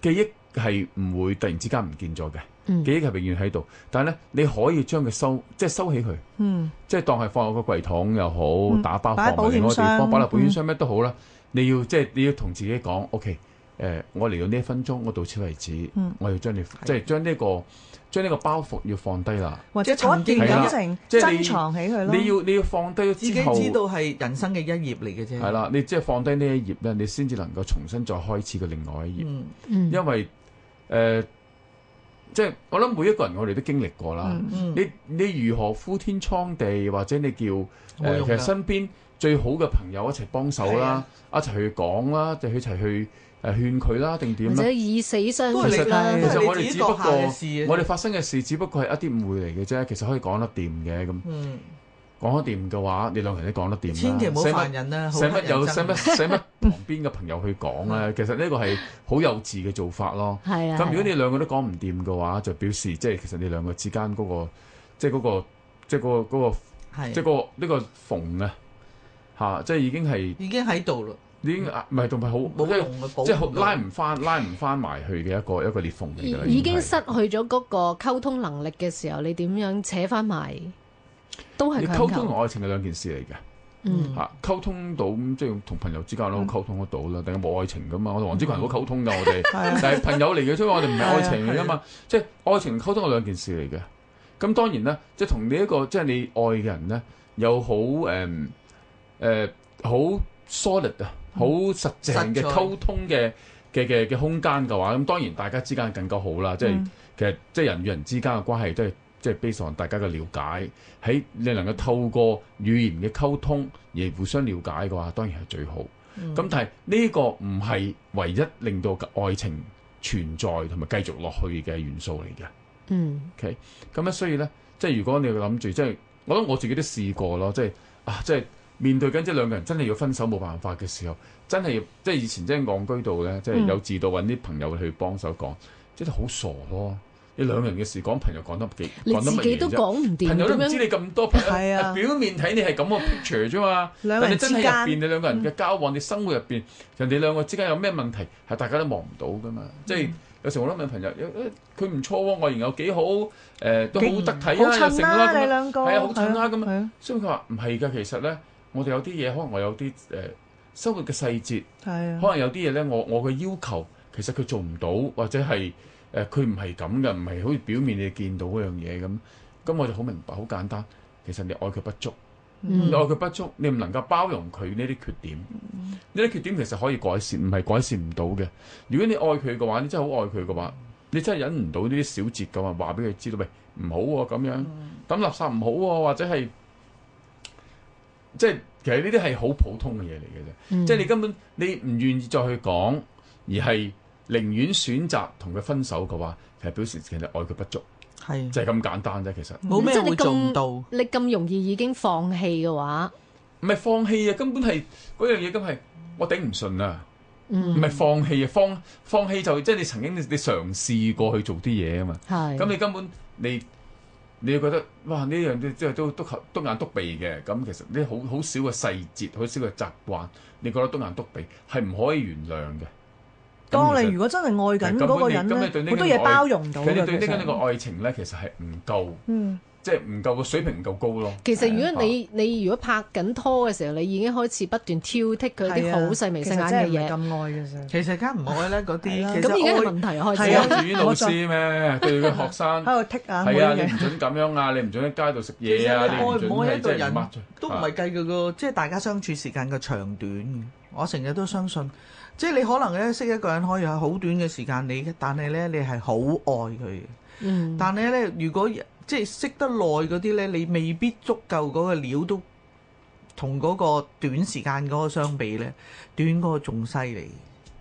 記憶係唔會突然之間唔見咗嘅，嗯、記憶係永遠喺度。但係咧，你可以將佢收，即係收起佢，嗯、即係當係放落個櫃桶又好，打包放喺任何、嗯、地方，擺落、嗯、保險箱咩、嗯、都好啦。你要即係你要同自己講，OK。誒，我嚟到呢一分鐘，我到此為止，我要將你即係將呢個將呢個包袱要放低啦，或者重建感情，珍藏起佢咯。你要你要放低自己，知道係人生嘅一頁嚟嘅啫。係啦，你即係放低呢一頁咧，你先至能夠重新再開始個另外一頁。因為誒，即係我諗每一個人我哋都經歷過啦。你你如何呼天搶地，或者你叫誒其實身邊最好嘅朋友一齊幫手啦，一齊去講啦，就去一齊去。誒，勸佢啦，定點或者以死相佢啦。其實，其實我哋只不過，我哋發生嘅事，只不過係一啲誤會嚟嘅啫。其實可以講得掂嘅，咁，講得掂嘅話，你兩個人都講得掂。千祈唔好犯人啦，使乜有？寫乜寫乜？旁邊嘅朋友去講咧，其實呢個係好幼稚嘅做法咯。係啊。咁如果你兩個都講唔掂嘅話，就表示即係其實你兩個之間嗰個，即係嗰個，即係嗰個，嗰個，即係嗰個呢個縫啊，吓，即係已經係已經喺度啦。已經唔係，仲係好即係拉唔翻，拉唔翻埋去嘅一個一個裂縫嚟嘅。已經失去咗嗰個溝通能力嘅時候，你點樣扯翻埋都係溝通同愛情嘅兩件事嚟嘅。嗯，吓溝通到即係同朋友之間都溝通得到啦。但係冇愛情噶嘛。我同黃子群好溝通噶，我哋但係朋友嚟嘅，所以我哋唔係愛情嚟噶嘛。即係愛情溝通係兩件事嚟嘅。咁當然啦，即係同你一個即係你愛嘅人咧，有好誒誒好 solid 啊，好實際嘅溝通嘅嘅嘅嘅空間嘅話，咁當然大家之間更加好啦。嗯、即係其實即係人與人之間嘅關係都係即係 base 喺大家嘅了解，喺你能夠透過語言嘅溝通而互相了解嘅話，當然係最好。咁、嗯、但係呢個唔係唯一令到愛情存在同埋繼續落去嘅元素嚟嘅。嗯。OK，咁樣，所以呢，即係如果你諗住，即係我諗我自己都試過咯，即係啊，即係。面對緊即係兩個人真係要分手冇辦法嘅時候，真係即係以前真係戇居度咧，即係有自度揾啲朋友去幫手講，真係好傻咯！你兩個人嘅事講朋友講得唔幾，講得乜嘢啫？朋友都唔知你咁多，係啊！表面睇你係咁個 picture 啫嘛，兩個人之間你兩個人嘅交往，你生活入邊人哋兩個之間有咩問題，係大家都望唔到噶嘛。即係有時我諗問朋友，佢唔錯喎，外形又幾好，誒都好得體啦，又成啦，係啊，好襯啦咁啊。所以佢話唔係㗎，其實咧。我哋有啲嘢，可能我有啲誒、呃、生活嘅細節，啊、可能有啲嘢咧，我我嘅要求其實佢做唔到，或者係誒佢唔係咁嘅，唔係好似表面你見到嗰樣嘢咁。咁我就好明白，好簡單。其實你愛佢不足，嗯、你愛佢不足，你唔能夠包容佢呢啲缺點。呢啲缺，缺點其實可以改善，唔係改善唔到嘅。如果你愛佢嘅話，你真係好愛佢嘅話，你真係忍唔到呢啲小節嘅話，話俾佢知道，喂唔好喎、啊、咁樣，抌垃，垃圾唔好喎、啊，或者係。即係其實呢啲係好普通嘅嘢嚟嘅啫，即係你根本你唔願意再去講，而係寧願選擇同佢分手嘅話，其實表示其實愛佢不足，係就係咁簡單啫。其實冇咩會做到，你咁容易已經放棄嘅話，唔係放棄啊，根本係嗰樣嘢咁係我頂唔順啊，唔係放棄啊，放放棄就即係你曾經你你嘗試過去做啲嘢啊嘛，咁你根本你。你會覺得哇，呢樣嘢即係都篤眼篤鼻嘅。咁其實呢，好好少嘅細節，好少嘅習慣，你覺得篤眼篤鼻係唔可以原諒嘅。當你如果真係愛緊嗰個人咧，好多嘢包容到嘅。佢哋對呢個愛情咧，其實係唔夠。嗯即係唔夠個水平，唔夠高咯。其實如果你你如果拍緊拖嘅時候，你已經開始不斷挑剔佢啲好細微細眼嘅嘢。其實真係唔愛嘅啫。其實梗唔愛啦，嗰啲啦。咁而家問題開始。我做老師咩？對個學生喺度剔啊。係啊，你唔準咁樣啊，你唔準喺街度食嘢啊。你愛唔愛一個人，都唔係計佢個即係大家相處時間嘅長短。我成日都相信，即係你可能咧識一個人，可以喺好短嘅時間，你但係咧你係好愛佢。嗯。但係咧，如果...即係識得耐嗰啲咧，你未必足夠嗰個料都同嗰個短時間嗰個相比咧，短嗰個仲犀利。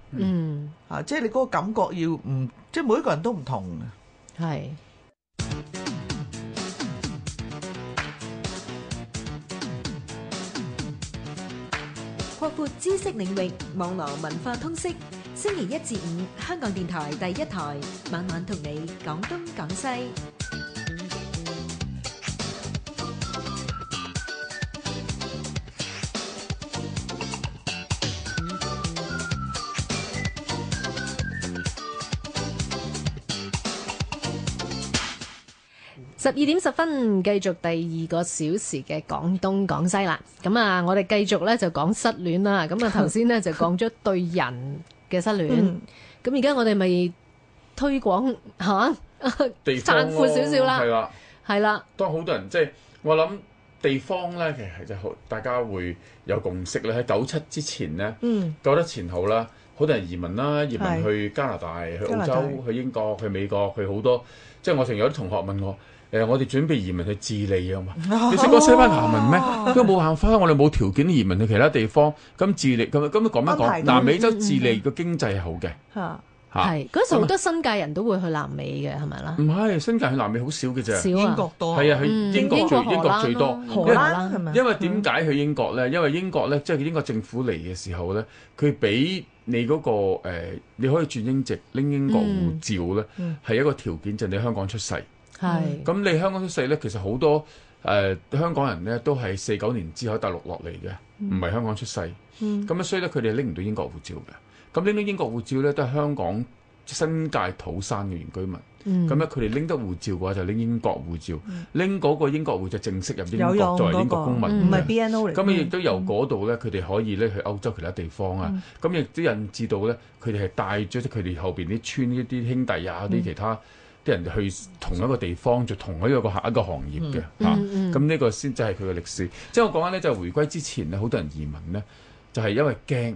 嗯，啊，即係你嗰個感覺要唔即係每一個人都唔同啊。係擴闊知識領域，網羅文化通識。星期一至五，香港電台第一台晚晚同你講東講西。十二點十分，繼續第二個小時嘅講東講西啦。咁啊，我哋繼續咧就講失戀啦。咁啊，頭先咧就講咗對人嘅失戀，咁而家我哋咪推廣嚇，地方闊少少啦，係啦。當好多人即係我諗地方咧，其實係即係大家會有共識啦。喺九七之前咧，九七前後啦，好多人移民啦，移民去加拿大、去澳洲、去英國、去美國、去好多。即係我成日有啲同學問我。誒，我哋準備移民去智利啊嘛，你識講西班牙文咩？都冇辦法，我哋冇條件移民去其他地方。咁智利咁咁講一講？南美洲智利個經濟係好嘅嚇，係嗰時好多新界人都會去南美嘅，係咪啦？唔係，新界去南美好少嘅啫，英國多係啊，去英國最英國最多。因為因為點解去英國咧？因為英國咧，即係英國政府嚟嘅時候咧，佢俾你嗰個誒，你可以轉英籍拎英國護照咧，係一個條件，就你香港出世。係，咁你香港出世咧，其實好多誒香港人咧都係四九年之後喺大陸落嚟嘅，唔係香港出世。咁啊，所以咧佢哋拎唔到英國護照嘅。咁拎到英國護照咧，都係香港新界土生嘅原居民。咁咧，佢哋拎得護照嘅話，就拎英國護照。拎嗰個英國護照，正式入英國作為英國公民。唔係 BNO 嚟。咁亦都由嗰度咧，佢哋可以咧去歐洲其他地方啊。咁亦都引致到咧，佢哋係帶咗佢哋後邊啲村一啲兄弟啊，啲其他。人去同一個地方做同一個下一個行業嘅吓，咁呢個先即係佢嘅歷史。即係我講翻咧，就回歸之前咧，好多人移民咧，就係因為驚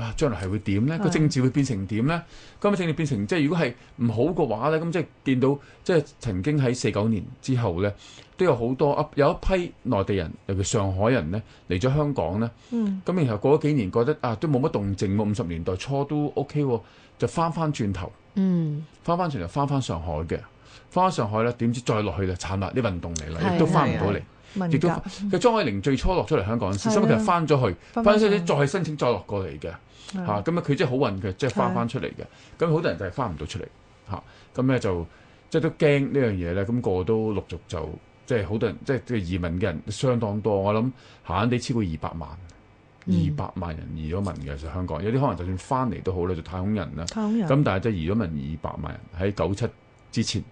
啊，將來係會點咧？個政治會變成點咧？咁啊，政治變成即係如果係唔好嘅話咧，咁即係見到即係曾經喺四九年之後咧，都有好多有一批內地人，尤其上海人咧嚟咗香港咧。嗯，咁然後過咗幾年覺得啊，都冇乜動靜，五十年代初都 OK 喎，就翻翻轉頭。嗯，翻翻上嚟翻翻上海嘅，翻翻上海咧，點知再落去啦？慘啦，啲運動嚟啦，亦都翻唔到嚟，亦都。其實張愛玲最初落出嚟香港嗰陣時，的其實翻咗去，翻咗去咧再申請再落過嚟嘅，嚇咁的啊佢即係好運嘅，即係翻翻出嚟嘅。咁好的、嗯、多人就係翻唔到出嚟，嚇咁咧就即係都驚呢樣嘢咧。咁個,個個都陸續就即係好多人，即係即係移民嘅人相當多。我諗硬硬地超過二百萬。二百萬人移咗民嘅，就香港有啲可能就算翻嚟都好咧，就太空人啦。咁，但係即係移咗民二百萬人喺九七之前，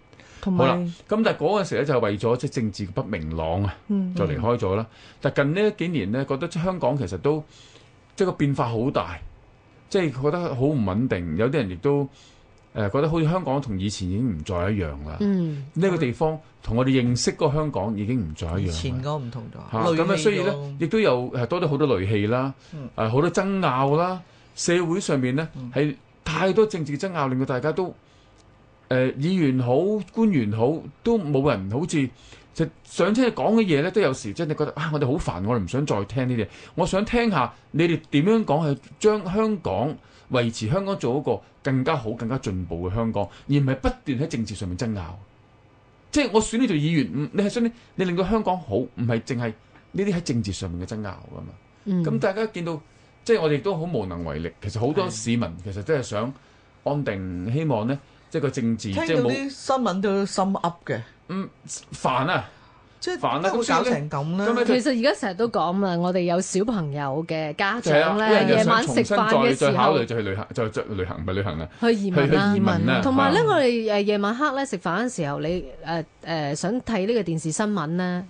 有好啦。咁但係嗰陣時咧就為咗即係政治不明朗啊，就離開咗啦。嗯嗯但近呢幾年咧，覺得香港其實都即係個變化好大，即係覺得好唔穩定，有啲人亦都。誒覺得好似香港同以前已經唔再一樣啦，呢、嗯、個地方同、嗯、我哋認識嗰個香港已經唔再一樣。以前嗰個唔同咗，咁咧、啊、所以咧亦都有係多咗好多戾氣啦，誒好、嗯啊、多爭拗啦，社會上面咧係、嗯、太多政治爭拗，令到大家都誒、呃、議員好、官員好，都冇人好似就上車講嘅嘢咧，都有時真係覺得啊，我哋好煩，我哋唔想再聽呢啲，我想聽下你哋點樣講係將香港。維持香港做一個更加好、更加進步嘅香港，而唔係不斷喺政治上面爭拗。即係我選呢做議員，你係想你，你令到香港好，唔係淨係呢啲喺政治上面嘅爭拗㗎嘛？咁、嗯、大家見到，即係我哋都好無能為力。其實好多市民其實真係想安定，的希望呢，即係個政治。即聽到啲新聞都心噏嘅，嗯煩啊！即係煩得好似搞成咁咧。其實而家成日都講嘛，我哋有小朋友嘅家長咧，夜、啊、晚食飯嘅時候，重考慮再去旅行，就去旅行唔旅行啦、啊。去移民啦、啊，移民。同埋咧，我哋誒夜晚黑咧食飯嘅時候，你誒誒、呃呃、想睇呢個電視新聞咧，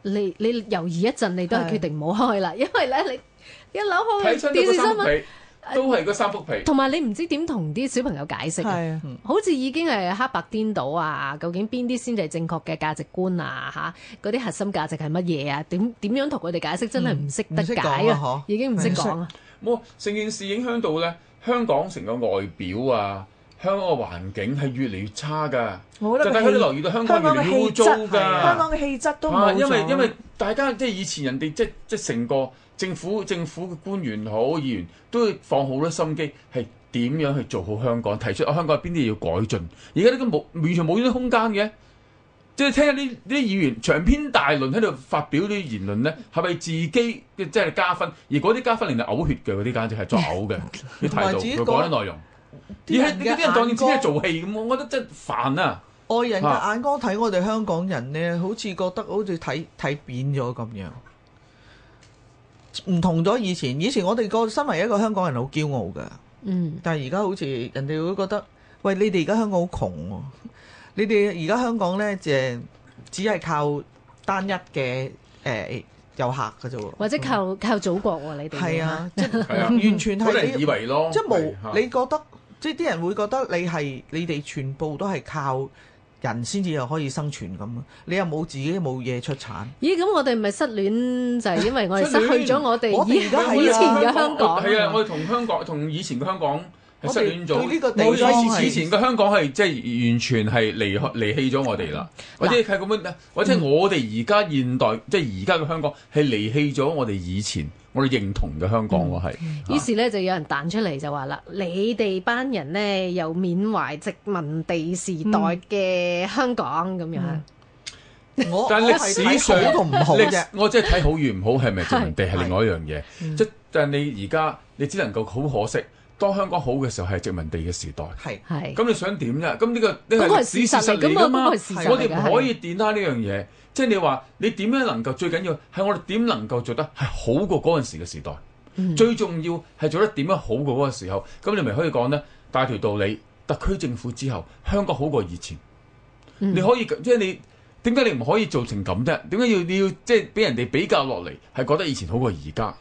你你猶豫一陣，你都係決定唔好開啦，是因為咧你一扭開電視新聞。都係嗰三幅皮，同在埋裡面你唔知點同啲小朋友解釋是啊、嗯？好似已經係黑白顛倒啊！究竟邊啲先至係正確嘅價值觀啊？嚇、啊，嗰啲核心價值係乜嘢啊？點點樣同佢哋解釋真係唔識得解啊！已經唔識講啊！冇成、啊、件事影響到咧，香港成個外表啊，香港個環境係越嚟越差㗎。大家有冇留意到香港嘅污糟㗎？香港嘅氣,氣質都冇、啊。因為因為,因為大家,大家即係以前人哋即即,即,即成個。政府政府嘅官員好，議員都要放好多心機，係點樣去做好香港？提出啊，香港有邊啲要改進？而家呢啲冇完全冇呢啲空間嘅，即係聽下呢啲議員長篇大論喺度發表啲言論咧，係咪自己嘅即係加分？而嗰啲加分嚟就嘔血嘅嗰啲，簡直係作嘔嘅。啲態度，佢講啲內容，而係你啲人當你自己係做戲咁，我覺得真係煩啊！外人嘅眼光睇我哋香港人咧，好似覺得好似睇睇扁咗咁樣。唔同咗以前，以前我哋個身為一個香港人好驕傲噶，嗯，但係而家好似人哋會覺得，喂，你哋而家香港好窮喎、啊，你哋而家香港呢，即只係靠單一嘅誒、呃、遊客嘅啫喎，或者靠、嗯、靠祖國喎、啊，你哋係啊，即係完全係你，以為咯即係冇、啊、你覺得，即係啲人，家人家會覺得你係你哋全部都係靠。人先至又可以生存咁，你又冇自己冇嘢出產。咦？咁我哋咪失戀就係、係、因為我哋失去咗我哋。 我哋而家香港，係啊，我哋同香港同、啊啊、以前嘅香港係失戀咗。對呢個地方以前嘅香港係即係完全係離離棄咗我哋啦。啊、或者係咁樣，或者我哋而家現代、嗯、即係而家嘅香港係離棄咗我哋以前。我哋認同嘅香港我係。嗯啊、於是咧就有人彈出嚟就話啦：嗯、你哋班人咧又緬懷殖民地時代嘅香港咁、嗯、樣。嗯、但係歷史上唔好我即係睇好與唔好係咪殖民地係另外一樣嘢。即係、嗯、但你而家你只能夠好可惜。當香港好嘅時候係殖民地嘅時代，係，咁你想點啫？咁呢個，呢係事實嚟㗎嘛？我哋唔可以掂下呢樣嘢？即係的你話你點樣能夠的最緊要係我哋點能夠做得係好過嗰陣時嘅時代？嗯、最重要係做得點樣好過嗰個時候？咁你咪可以講呢？大條道理，特區政府之後香港好過以前，嗯、你可以即係、就是、你點解你唔可以做成咁啫？點解要你要即係俾人哋比較落嚟係覺得以前好過而家？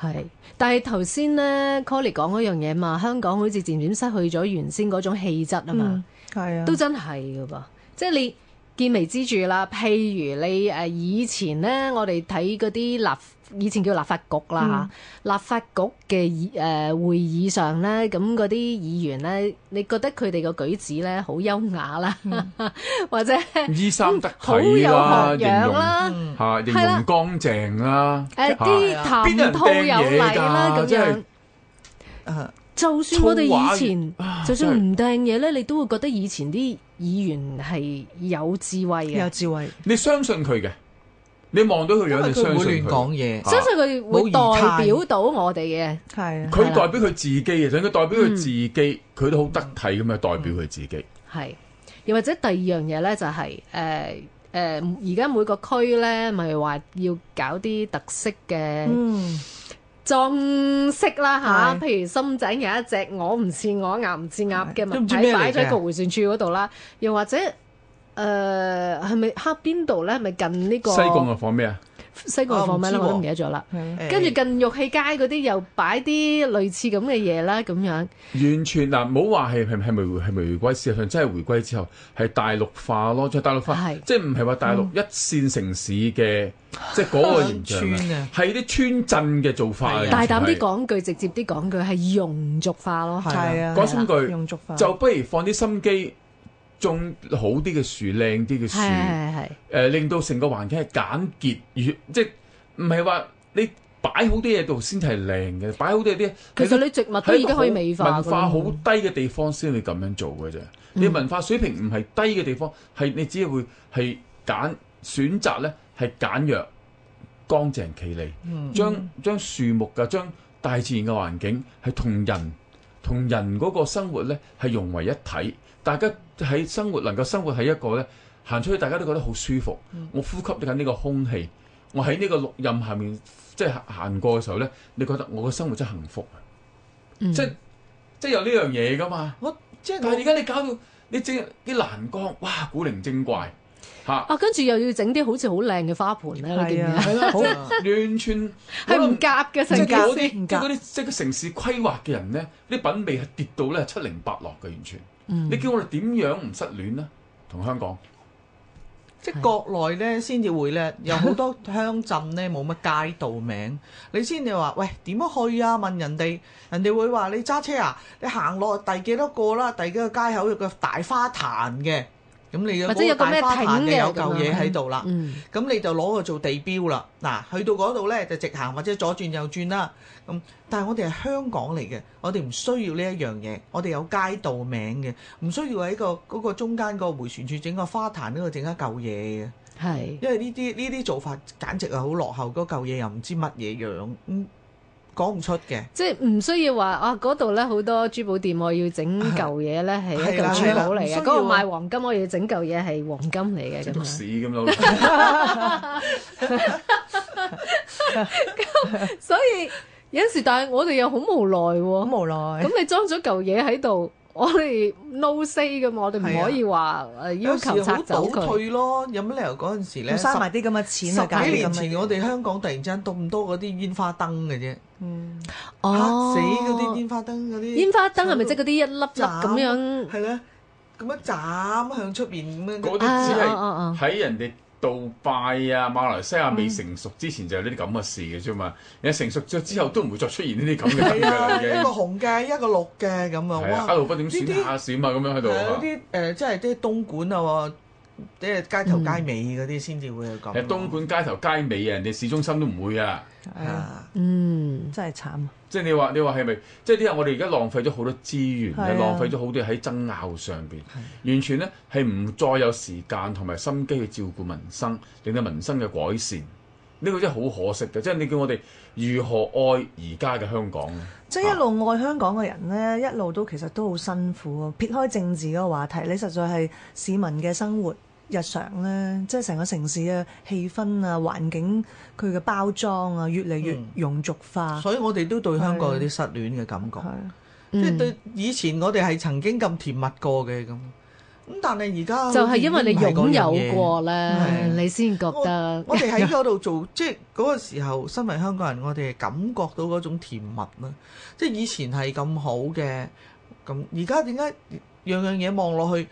係，但係頭先咧，Colly 講嗰樣嘢嘛，香港好似漸漸失去咗原先種氣質啊嘛，係、嗯、啊，都真係嘅噃，即係你見微知著啦。譬如你誒以前咧，我哋睇啲立法。以前叫立法局啦，立法局嘅議誒會議上咧，咁嗰啲議員咧，你覺得佢哋個舉止咧好優雅啦，或者衣衫得體啦，好有學養啦，吓形容乾淨啦，誒啲談吐有禮啦，咁樣。就算我哋以前，就算唔掟嘢咧，你都會覺得以前啲議員係有智慧嘅，有智慧。你相信佢嘅。你望到佢樣，你相信佢。佢唔會亂講嘢，相信佢會代表到我哋嘅。係啊，佢代表佢自己嘅，想佢代表佢自己，佢都好得體咁嘅代表佢自己。係，又或者第二樣嘢咧，就係誒誒，而家每個區咧，咪話要搞啲特色嘅裝飾啦嚇，譬如深井有一隻鵝唔似鵝、鴨唔似鴨嘅物體擺喺迴旋處嗰度啦，又或者。誒，係咪喺邊度咧？係咪近呢個西貢啊？放咩啊？西貢啊，放咩我都唔記得咗啦。跟住近玉器街嗰啲又擺啲類似咁嘅嘢啦，咁樣。完全嗱，唔好話係係係咪係咪回歸？事實上真係回歸之後係大陸化咯，即係大陸化，即係唔係話大陸一線城市嘅，即係嗰個形象。係啲村鎮嘅做法。大膽啲講句，直接啲講句，係庸俗化咯。係啊，講深句，庸俗化，就不如放啲心機。種好啲嘅樹，靚啲嘅樹，誒、呃、令到成個環境係簡潔，越即係唔係話你擺好啲嘢度先係靚嘅，擺好啲嘢。其實你植物都已經可以美化。文化好低嘅地方先會咁樣做嘅啫。你文化水平唔係低嘅地方，係、嗯、你只係會係揀選擇咧，係簡約、乾淨麗麗、企理，將將、嗯、樹木嘅將大自然嘅環境係同人同人嗰個生活咧係融為一體，大家。即喺生活能夠生活喺一個咧，行出去大家都覺得好舒服。嗯、我呼吸緊呢個空氣，我喺呢個綠蔭下面即係行過嘅時候咧，你覺得我嘅生活真幸福啊、嗯！即即有呢樣嘢噶嘛？即我即係但係而家你搞到你整啲欄杆，哇古靈精怪嚇！啊，啊跟住又要整啲好似好靚嘅花盆咧，啲嘢係啦，完全係唔夾嘅。即係嗰啲啲即係城市規劃嘅人咧，啲品味係跌到咧七零八落嘅完全。嗯、你叫我哋點樣唔失戀呢？同香港，即係國內呢，先至會呢，有好多鄉鎮呢冇乜街道名，你先至話喂點樣去啊？問人哋，人哋會話你揸車啊，你行落第幾多個啦，第幾個街口有個大花壇嘅。或者有個咩有嚿嘢喺度啦，咁、嗯、你就攞佢做地標啦。嗱，去到嗰度呢，就直行或者左轉右轉啦。咁，但係我哋係香港嚟嘅，我哋唔需要呢一樣嘢，我哋有街道名嘅，唔需要喺個嗰個中間個回旋處整個花壇嗰度整一嚿嘢嘅。係是，因為呢啲呢啲做法簡直係好落後，嗰嚿嘢又唔知乜嘢樣。嗯講唔出嘅，即係唔需要話啊！嗰度咧好多珠寶店，我要整舊嘢咧係一舊、啊、珠寶嚟嘅。嗰度賣黃金，我要整舊嘢係黃金嚟嘅，咁屎咁咯。所以有陣時，但係我哋又好無奈喎。好無奈？咁、嗯、你裝咗舊嘢喺度？我哋 no say 嘅嘛，我哋唔可以話要求早、啊、退咯，有乜理由嗰陣時咧？唔嘥埋啲咁嘅錢啊！十幾、年十幾年前我哋香港突然之間咁多嗰啲煙花燈嘅啫。嗯，嚇、哦啊、死嗰啲煙花燈啲。煙花燈係咪即係嗰啲一粒粒咁樣？係啦，咁樣斬向出邊咁樣。嗰啲只係喺人哋。哎杜拜啊，馬來西亞未成熟之前就有呢啲咁嘅事嘅啫嘛，其實、嗯、成熟咗之後都唔會再出現呢啲咁嘅嘢嘅。 一個紅嘅，一個綠嘅咁、呃、啊，哇！啲啲啲，誒，即係啲東莞啊即係街頭街尾嗰啲先至會有講。誒，東莞街頭街尾啊，人哋市中心都唔會啊。係啊，嗯，真係慘。即係你話，你話係咪？即係啲人，我哋而家浪費咗好多資源，係的浪費咗好多喺爭拗上邊，的完全咧係唔再有時間同埋心機去照顧民生，令到民生嘅改善。呢個真係好可惜嘅，即係你叫我哋如何愛而家嘅香港？即係一路愛香港嘅人呢，一路都其實都好辛苦啊！撇開政治嘅話題，你實在係市民嘅生活日常呢，即係成個城市嘅氣氛啊、環境佢嘅包裝啊，越嚟越庸俗化，嗯。所以我哋都對香港有啲失戀嘅感覺，即係對以前我哋係曾經咁甜蜜過嘅咁。咁但係而家就係因為你擁有過咧，你先覺得，我哋喺嗰度做，即係嗰個時候，身為香港人，我哋係感覺到嗰種甜蜜啦。即係以前係咁好嘅，咁而家點解樣樣嘢望落去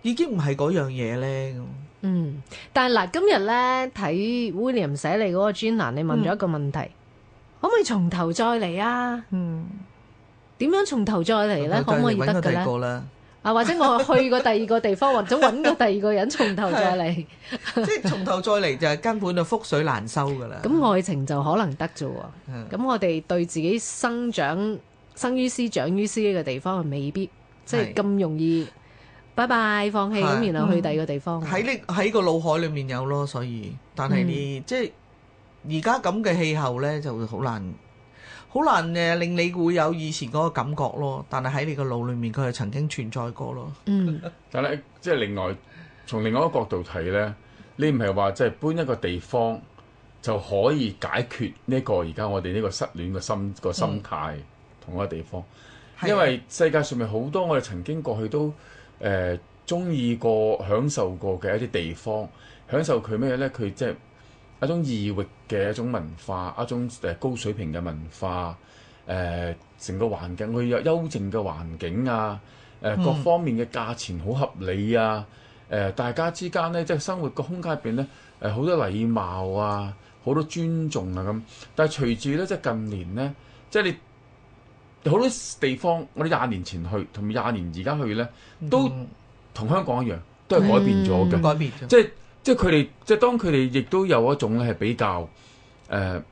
已經唔係嗰樣嘢咧？嗯。嗯。但係嗱，今日咧睇 William 寫你嗰個專欄，你問咗一個問題，可唔可以從頭再嚟啊？嗯。點樣從頭再嚟咧？可唔可以得噶咧？啊，或者我去過第二個地方，或者揾過第二個人，從頭再嚟。即係從頭再嚟就係根本就覆水難收㗎啦。咁愛情就可能得啫喎。咁我哋對自己生長生於斯長於斯嘅地方，未必即係咁容易拜拜放棄，咁然後去第二個地方。喺呢喺個腦海裡面有咯，所以但係你即係而家咁嘅氣候呢，就會好難。好難誒令你會有以前嗰個感覺咯，但係喺你個腦裏面佢係曾經存在過咯。嗯， 但係即係另外從另外一個角度睇呢，你唔係話即係搬一個地方就可以解決呢個而家我哋呢個失戀嘅心個、嗯、心態同一個地方，嗯、因為世界上面好多我哋曾經過去都誒中意過、享受過嘅一啲地方，享受佢咩呢？佢即係。一種異域嘅一種文化，一種誒、呃、高水平嘅文化，誒、呃、成個環境，佢有幽靜嘅環境啊，誒、呃、各方面嘅價錢好合理啊，誒、呃、大家之間咧，即係生活個空間入邊咧，誒、呃、好多禮貌啊，好多尊重啊咁。但係隨住咧，即係近年咧，即係你好多地方，我哋廿年前去，同廿年而家去咧，都同香港一樣，都係改變咗嘅、嗯嗯，改變咗即係。即係佢哋，即係當佢哋亦都有一種咧，係比較誒、呃、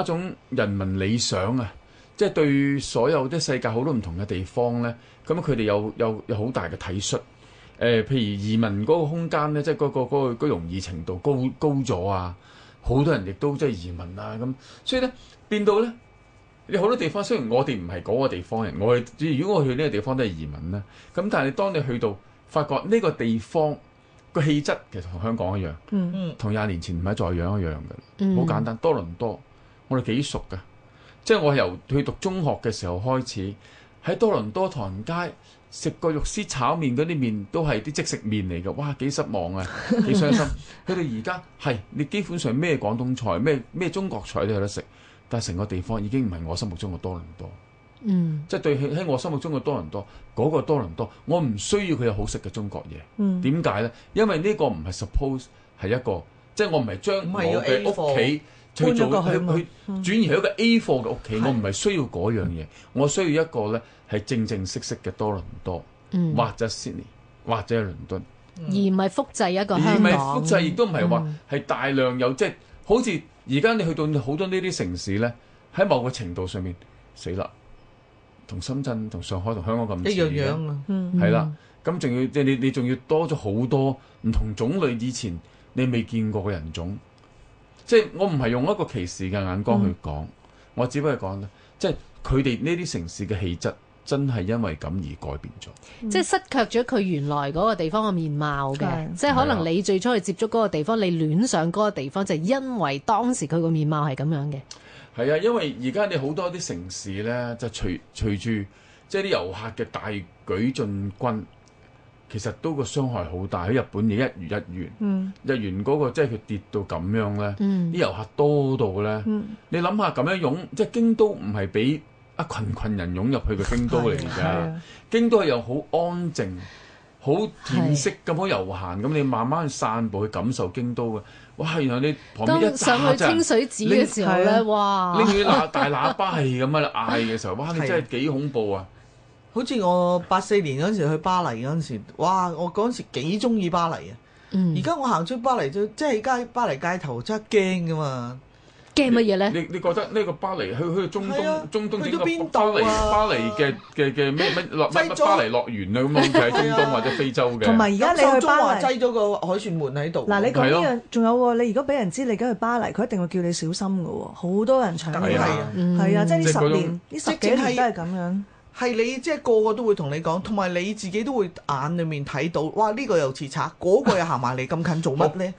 一種人民理想啊！即係對所有啲世界好多唔同嘅地方咧，咁佢哋有有有好大嘅體恤誒、呃。譬如移民嗰個空間咧，即係、嗰個、嗰個嗰、嗰個嗰個、容易程度高高咗啊！好多人亦都即係移民啊咁，所以咧變到咧，你好多地方雖然我哋唔係嗰個地方人，我哋如果我去呢個地方都係移民啦、啊，咁但係當你去到發覺呢個地方。個氣質其實同香港一樣，同廿、嗯、年前唔係再樣一樣嘅，好、嗯、簡單。多倫多我哋幾熟噶，即係我由去讀中學嘅時候開始，喺多倫多唐人街食過肉絲炒麵嗰啲麵，都係啲即食麵嚟嘅，哇，幾失望啊，幾傷心。 去到而家係你基本上咩廣東菜、咩咩中國菜都有得食，但係成個地方已經唔係我心目中嘅多倫多。嗯，即係對喺喺我心目中嘅多倫多嗰、嗰個多倫多，我唔需要佢有好食嘅中國嘢。點解咧？因為呢個唔係 suppose 係一個，即係我唔係將我嘅屋企去做 A 去去轉移去一個 A 貨嘅屋企。嗯、我唔係需要嗰樣嘢，我需要一個咧係正正式式嘅多倫多，嗯、或者 Sydney 或者係倫敦，嗯、而唔係複製一個香港，而唔係複製，亦都唔係話係大量有即係、嗯、好似而家你去到好多呢啲城市咧，喺某個程度上面死啦。同深圳、同上海、同香港咁似嘅、啊，係啦、啊。咁仲的、嗯、要即係你，你仲要多咗好多唔同種類。以前你未見過嘅人種，即、就、係、是、我唔係用一個歧視嘅眼光去講，嗯、我只不過講咧，即係佢哋呢啲城市嘅氣質真係因為咁而改變咗，嗯嗯、即係失卻咗佢原來嗰個地方嘅面貌嘅。的即係可能你最初去接觸嗰個地方，你戀上嗰個地方就係的因為當時佢個面貌係咁樣嘅。係啊，因為而家你好多啲城市呢，就隨隨住即係啲遊客嘅大舉進軍，其實都個傷害好大。喺日本嘅一如一元，嗯、日元嗰、那個即係跌到咁樣呢，啲遊、嗯、客多到呢。嗯、你諗下咁樣湧，即係京都唔係俾一群群人湧入去嘅京都嚟㗎。啊、京都係又好安靜，好恬適咁好悠閒，咁你慢慢散步去感受京都嘅。哇！原來你當上去清水寺嘅時候咧，啊、哇！拎住 大喇叭係咁啊嗌嘅時候，哇！你真係幾恐怖啊！啊好似我八四年嗰時去巴黎嗰陣時，哇！我嗰陣時幾中意巴黎啊！而家、嗯、我行出巴黎就即係喺巴黎街頭真係驚㗎嘛～驚乜嘢咧？你你覺得呢個巴黎去去中東中東邊度？巴黎巴黎嘅嘅嘅咩咩巴黎樂園啊？咁樣就係中東或者非洲嘅。同埋而家你去巴黎，擠咗個凱旋門喺度。嗱，你講呢樣，仲有你如果俾人知你而家去巴黎，佢一定會叫你小心㗎。好多人搶。係啊，係啊，即係呢十年呢十幾年都係咁樣。係你即係個個都會同你講，同埋你自己都會眼裏面睇到，哇！呢個又似賊，嗰個又行埋嚟咁近，做乜咧？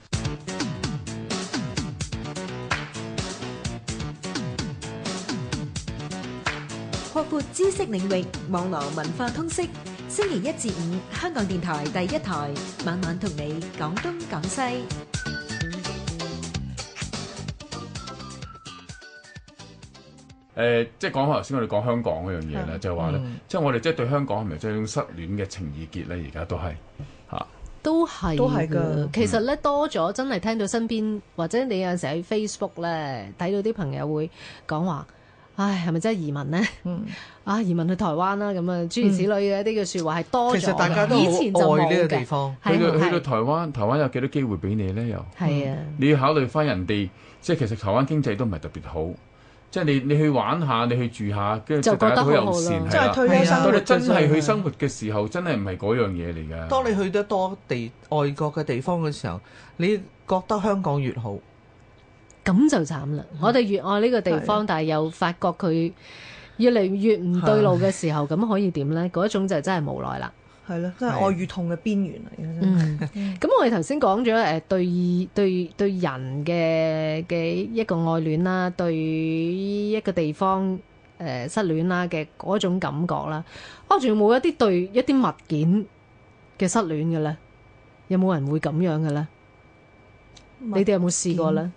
包括知識領域、網絡文化通識。星期一至五，香港電台第一台，晚晚同你講東講西。誒，即係講頭先，我哋講香港嗰樣嘢咧，就係話咧，即係我哋即係對香港係咪將失戀嘅情義結咧情意結？而家都係嚇，都係都係㗎。其實咧，多咗真係聽到身邊，或者你有陣時喺 Facebook 咧睇到啲朋友會講話。唉，係咪真係移民呢？啊，移民去台灣啦，咁啊，諸如此類嘅呢個説話係多咗。其實大家都好想去呢個地方。去到台灣，台灣有幾多機會俾你呢？又係啊！你要考慮翻人哋，即係其實台灣經濟都唔係特別好。即係你你去玩下，你去住下，跟住就覺得好友善係啦。係啊，當你真係去生活嘅時候，真係唔係嗰樣嘢嚟㗎。當你去得多地外國嘅地方嘅時候，你覺得香港越好。咁就慘啦！我哋越愛呢個地方，的但係又發覺佢越嚟越唔對路嘅時候，咁的可以點呢？嗰種就真係無奈啦。係咯，真係愛與痛嘅邊緣嚟嘅。咁我哋頭先講咗誒，對對對人嘅嘅一個愛戀啦，對一個地方誒失戀啦嘅嗰種感覺啦，啊，仲有冇一啲對一啲物件嘅失戀嘅咧？有冇人會咁樣嘅咧？件你哋有冇試過呢？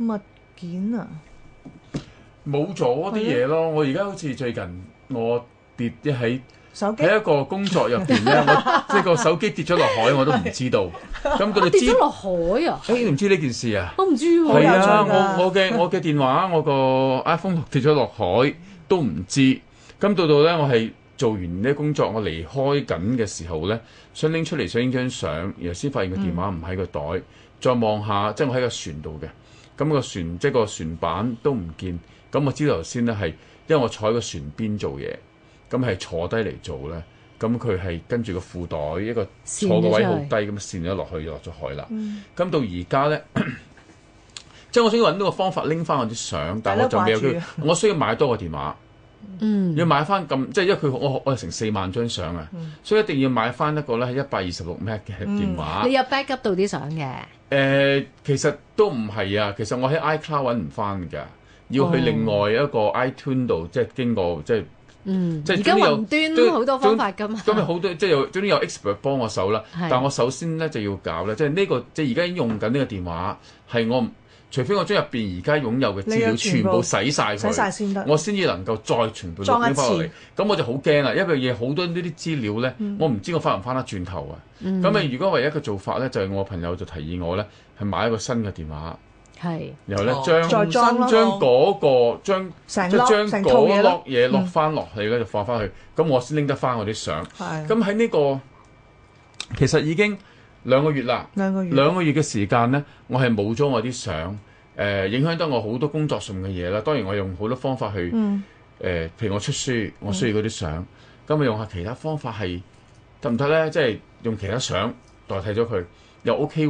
物件啊，冇咗啲嘢咯。我而家好似最近我跌一喺手機喺一個工作入邊咧，即係個手機跌咗落海，我都唔知道。咁佢哋跌咗落海啊？你唔、欸、知呢件事啊？我唔知喎。係啊，我我嘅我嘅電話，我個 iPhone 跌咗落海都唔知。咁 到到咧，我係做完呢啲工作，我離開緊嘅時候咧，想拎出嚟想影張相，然後先發現個電話唔喺個袋，嗯、再望下即係我喺個船度嘅。咁個船即係個船板都唔見，咁我知頭先呢係，因為我坐喺個船邊做嘢，咁係坐低嚟做呢。咁佢係跟住個褲袋一個坐個位好低，咁墊咗落去就落咗海啦。咁、嗯、到而家呢， 即係我想要揾到個方法拎翻我啲相，但係我就未有，我需要買多個電話。嗯，要買翻咁，即係因為佢我我成四萬張相啊，嗯、所以一定要買翻一個咧一百二十六 m b p 嘅電話，嗯。你有 backup 到啲相嘅？誒、呃，其實都唔係啊，其實我喺 iCloud 搵唔翻噶，要去另外一個 iTune 度，即係經過即係，嗯，即係而家雲端好多方法噶嘛。咁咪好多即係、啊、有，終之有 expert 幫我手啦。的但我首先咧就要搞咧，即係、這、呢個即係而家用緊呢個電話係我。除非我將入邊而家擁有嘅資料全部洗晒佢，洗晒先得，我先至能夠再全部拎翻落嚟。咁我就好驚啊，因為嘢好多呢啲資料呢，我唔知我翻唔翻得轉頭啊。咁你如果唯一嘅做法呢，就係我朋友就提議我呢，係買一個新嘅電話，係，然後呢，將新將嗰個將嗰落嘢落翻落去呢，就放翻去，咁我先拎得翻我啲相。咁喺呢個其實已經。兩個月啦，兩個月兩個月嘅時間咧，我係冇咗我啲相，誒影響得我好多工作上面嘅嘢啦。當然我用好多方法去，誒譬如我出書，我需要嗰啲相，咁咪用下其他方法係得唔得咧？即係用其他相代替咗佢，又 O K，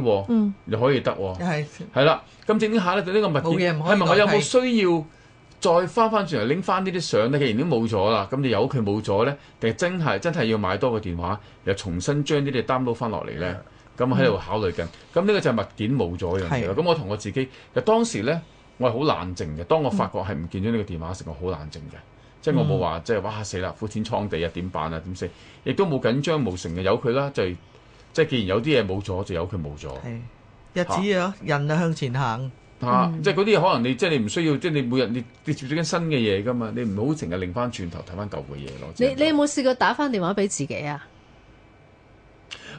又可以得，係係啦。咁整啲下咧，對呢個物件，係咪我有冇需要再翻翻轉嚟拎翻呢啲相咧？既然都冇咗啦，咁你由佢冇咗咧，定真係真係要買多個電話，又重新將啲嘢 download 翻落嚟咧？咁喺度考慮緊，咁呢個就係物件冇咗一樣嘢啦。咁是我同我自己，其實當時咧，我係好冷靜嘅。當我發覺係唔見咗呢個電話時，嗯、我好冷靜嘅，即係我冇話即係哇死啦，苦天蒼地啊，點辦啊，點死，亦都冇緊張冇成嘅，由佢啦，就係、是、即係既然有啲嘢冇咗，就由佢冇咗。日子啊，人啊向前行吓、啊嗯啊，即係嗰啲可能你即係你唔需要，即係你每日你接觸緊新嘅嘢㗎嘛，你唔好成日擰翻轉頭睇翻舊嘅嘢咯。你有你有冇試過打翻電話俾自己啊？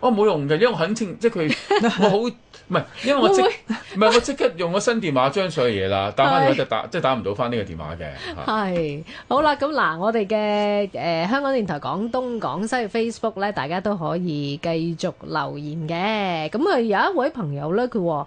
我冇、哦、用嘅，因為我肯清，即係佢我好唔係，因為我即唔係 我即刻 用咗新電話張上嘢啦，打翻就打，即係 打唔到翻呢個電話嘅。係 好啦，咁嗱，我哋嘅誒香港電台廣東廣西嘅 Facebook 咧，大家都可以繼續留言嘅。咁啊，有一位朋友咧，佢話。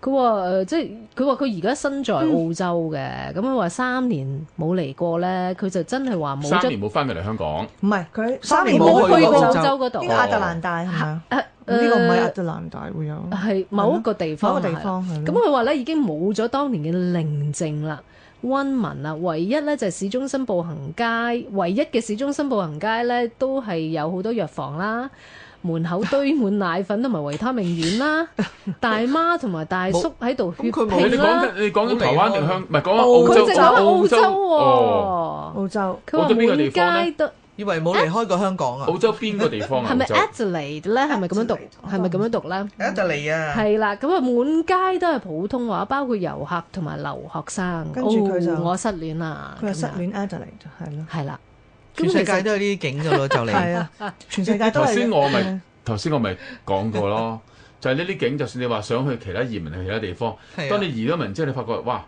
佢話即係佢話佢而家身在澳洲嘅，咁佢話三年冇嚟過呢，佢就真係話冇三年冇翻嚟嚟香港。唔係佢三年冇去過澳洲嗰度，呢個亞特蘭大係呢個唔係亞特蘭大，會有係某一個地方。某個地方咁佢話咧已經冇咗當年嘅寧靜啦、溫文啦，唯一呢就係市中心步行街，唯一嘅市中心步行街呢，都係有好多藥房啦。門口堆滿奶粉同埋維他命丸啦、啊，大媽同埋大叔喺度血拼，啊、你講你講台灣定香唔係講澳洲？澳洲，澳洲。佢話滿街都，以為冇離開過香港啊？澳洲邊個地方啊？係咪 Adelaide 咧？係咪咁樣讀？係咪咁樣讀咧？Adelaide 啊？係啦，咁啊滿街都係普通話，包括遊客同埋留學生。跟住佢就、oh, 我失戀啦。佢話失戀 Adelaide 就係咯，係啦。全世界都有呢啲景噶咯，就嚟。係啊，全世界都係。頭先我咪頭先我咪講過咯，就係呢啲景，就算你話想去其他移民去其他地方，當你移咗民之後，你發覺哇，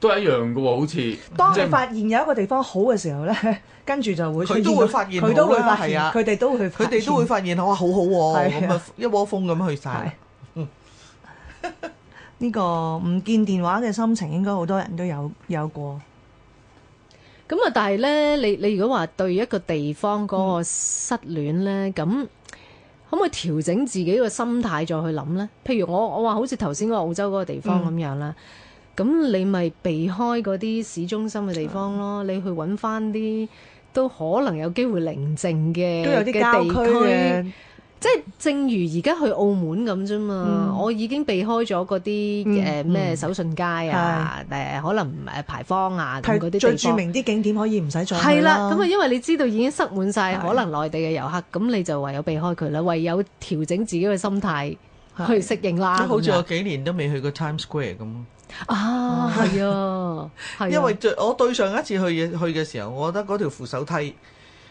都係一樣噶，好似。當你發現有一個地方好嘅時候咧，跟住就會。佢都會發現，佢都會發現，佢哋都會，佢哋都會發現哇，好好喎，咁啊一窩蜂咁去晒。呢個唔見電話嘅心情，應該好多人都有有過。咁啊！但係咧，你你如果話對一個地方嗰個失戀咧，咁、嗯、可唔可以調整自己個心態再去諗咧？譬如我我話好似頭先嗰個澳洲嗰個地方咁樣啦，咁、嗯、你咪避開嗰啲市中心嘅地方咯，嗯、你去揾翻，啲都可能有機會寧靜嘅都有啲郊區嘅地區。即係正如而家去澳門咁啫嘛，我已經避開咗嗰啲誒咩手信街啊，誒可能誒牌坊啊咁嗰啲地方。最著名啲景點可以唔使再去啦。係啦，咁啊，因為你知道已經塞滿晒可能內地嘅遊客，咁你就唯有避開佢啦，唯有調整自己嘅心態去適應啦。好似我幾年都未去過 Times Square 咁啊，係啊，因為我對上一次去去嘅時候，我覺得嗰條扶手梯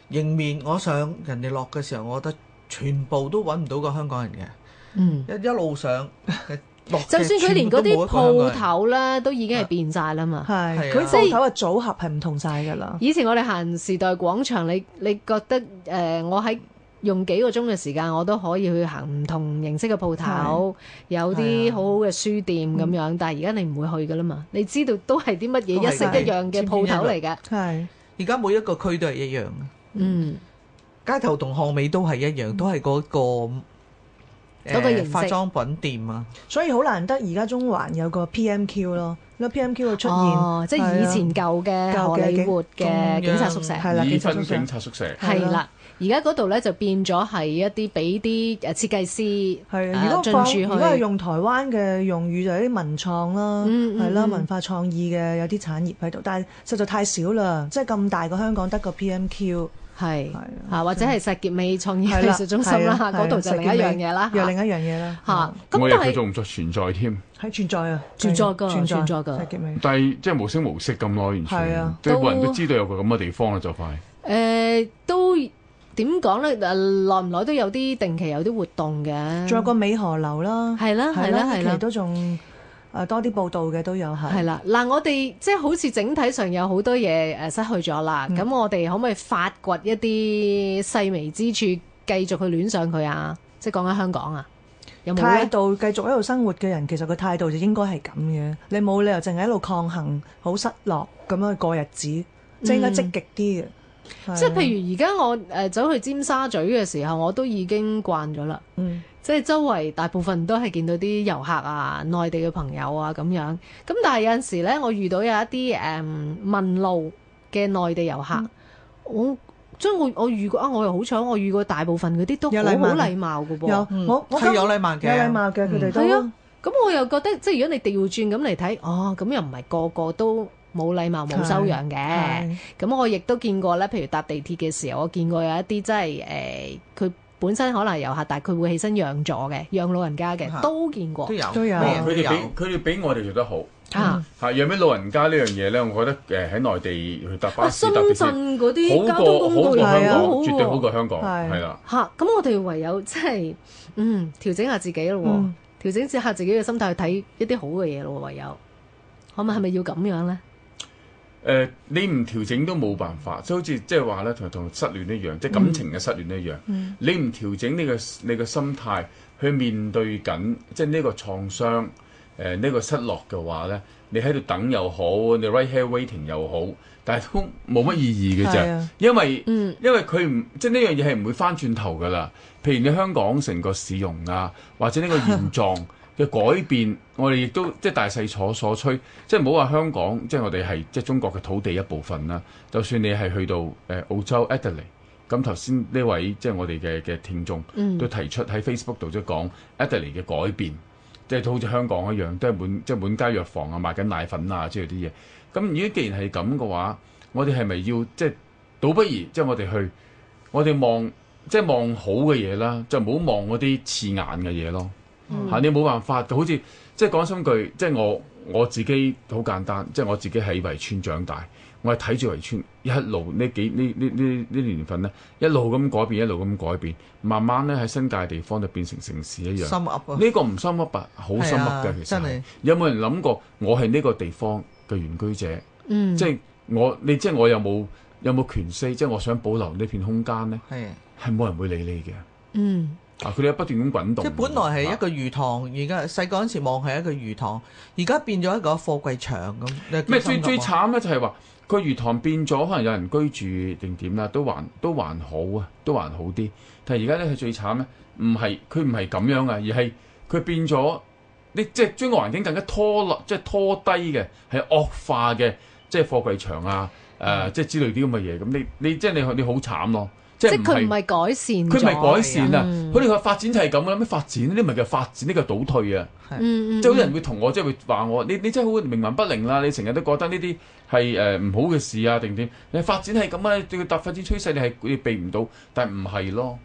迎面我上人哋落嘅時候，我覺得。全部都揾唔到個香港人嘅。一一路上，就算佢連嗰啲鋪頭咧都已經係變晒啦嘛，係佢鋪頭嘅組合係唔同晒㗎啦。以前我哋行時代廣場，你你覺得誒，我喺用幾個鐘嘅時間，我都可以去行唔同形式嘅鋪頭，有啲好好嘅書店咁樣，但係而家你唔會去㗎啦嘛。你知道都係啲乜嘢一式一樣嘅鋪頭嚟㗎，係而家每一個區都係一樣，嗯。街頭同巷尾都係一樣，都係嗰個誒化妝品店啊。所以好難得而家中環有個 PMQ 咯，個 PMQ 會出現，即係以前舊嘅荷里活嘅警察宿舍，係啦，警察宿舍。係啦，而家嗰度咧就變咗係一啲俾啲誒設計師係啊，如果放如果係用台灣嘅用語就係啲文創啦，係啦，文化創意嘅有啲產業喺度，但係實在太少啦，即係咁大個香港得個 PMQ。係，嚇，或者係石硤尾創意藝術中心啦，嗰度就另一樣嘢啦，又另一樣嘢啦。嚇，咁但係仲唔再存在添？喺存在啊，存在噶，存在噶。石硤尾，但係即係無聲無息咁耐，完全即係人都知道有個咁嘅地方啦，就快。誒，都點講咧？誒，耐唔耐都有啲定期有啲活動嘅，仲有個美河流啦，係啦係啦，依家都仲。誒多啲報道嘅都有係，係啦，嗱 我哋即係好似整體上有好多嘢誒失去咗啦，咁、嗯、我哋可唔可以發掘一啲細微之處，繼續去戀上佢啊？即係講緊香港啊，有冇態度繼續喺度生活嘅人，其實個態度就應該係咁嘅，你冇理由淨係喺度抗衡，好失落咁樣過日子，即係應該積極啲嘅。嗯即係譬如而家我誒、呃、走去尖沙咀嘅時候，我都已經慣咗啦。嗯，即係周圍大部分都係見到啲遊客啊，內地嘅朋友啊咁樣。咁但係有陣時咧，我遇到有一啲誒問路嘅內地遊客，嗯、我即係我我遇過啊，我又好彩，我遇過大部分嗰啲都好禮貌嘅噃。禮嗯、我係有禮貌嘅，禮貌嘅佢哋都係、嗯嗯、啊。咁我又覺得即係如果你調轉咁嚟睇，哦、咁、哦、又唔係個，個個都。冇禮貌、冇修養嘅，咁我亦都見過咧。譬如搭地鐵嘅時候，我見過有一啲真係誒，佢本身可能遊客，但係佢會起身讓座嘅，讓老人家嘅，都見過。都有都有，佢哋比佢哋比我哋做得好啊！係讓老人家呢樣嘢咧，我覺得誒喺內地搭巴士搭地鐵好過好過香港，絕對好過香港係啦。嚇！咁我哋唯有即係嗯調整下自己咯，調整下自己嘅心態去睇一啲好嘅嘢咯，唯有可唔係咪要咁樣咧？誒、呃、你唔調整都冇辦法，即係好似即係話咧，同同失戀一樣，嗯、即係感情嘅失戀一樣，嗯、你唔調整你個你個心態去面對緊即係呢個創傷誒呢個失落嘅話咧，你喺度等又好，你 right here waiting 又好，但係都冇乜意義嘅啫。啊、因為、嗯、因為佢唔即係呢樣嘢係唔會翻轉頭㗎啦。譬如你香港成個市容啊，或者呢個現狀。 嘅改變，我哋亦都即係大勢所所趨，即係唔好話香港，即係我哋係即係中國嘅土地一部分啦。就算你係去到誒、呃、澳洲、Adelaide，咁頭先呢位即係我哋嘅嘅聽眾都提出喺 Facebook 度即係講 Adelaide 嘅改變，嗯、即係好似香港一樣，都係滿即係滿街藥房啊，賣緊奶粉啊之類啲嘢。咁如果既然係咁嘅話，我哋係咪要即係倒不如即係我哋去，我哋望即係望好嘅嘢啦，就唔好望嗰啲刺眼嘅嘢咯。吓、嗯啊、你冇辦法，好就好似即係講心句，即、就、係、是、我我自己好簡單，即、就、係、是、我自己喺圍村長大，我係睇住圍村一路呢幾呢呢呢呢年份咧，一路咁改變，一路咁改變，慢慢咧喺新界地方就變成城市一樣。深呢、啊、個唔深噏白、啊，好深噏嘅、啊、其實的有冇人諗過我係呢個地方嘅原居者？嗯，即係我你即係、就是、我又冇有冇權勢？即、就、係、是、我想保留呢片空間咧，係係冇人會理你嘅。嗯。嗯啊！佢哋不斷咁滾動，即係本來係一個魚塘，而家細個嗰陣時望係一個魚塘，而家變咗一個貨櫃場咁。咩最最慘咧？就係話個魚塘變咗，可能有人居住定點啦，都還都還好啊，都還好啲。但係而家咧係最慘咧，唔係佢唔係咁樣啊，而係佢變咗，你即係將個環境更加拖落，即係拖低嘅，係惡化嘅，即係貨櫃場啊，誒，即係之類啲咁嘅嘢。咁你你即係你你好慘咯。即係佢唔係改善，佢唔係改善啊！佢哋話發展就係咁啦，咩發展呢啲唔係叫發展？呢個倒退啊！是即係有人會同我，即、就、係、是、會話我：你你真係好冥頑不靈啦、啊！你成日都覺得呢啲係誒唔好嘅事啊，定點？你發展係咁啊，你對個大發展趨勢你係你避唔到，但係唔係咯？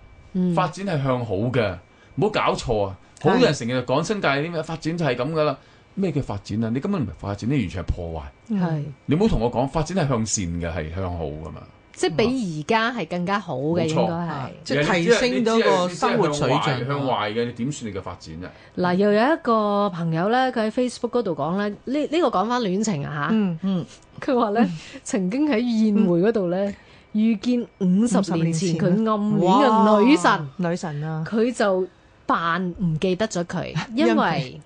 發展係向好嘅，唔好搞錯啊！好多人成日講新界啲咩是發展就係咁噶啦，咩叫發展啊？你根本唔係發展，你完全係破壞。係是你唔好同我講發展係向善嘅，係向好噶嘛。即係比而家係更加好嘅，應該係即係提升咗個生活水準。向壞嘅你點算你嘅發展啊！嗱，又有一個朋友咧，佢喺 Facebook 嗰度講咧，呢呢個講返戀情啊嚇。嗯嗯，佢話咧曾經喺宴會嗰度咧遇見五十年前佢暗戀嘅女神，女神啊！佢就扮唔記得咗佢，因為。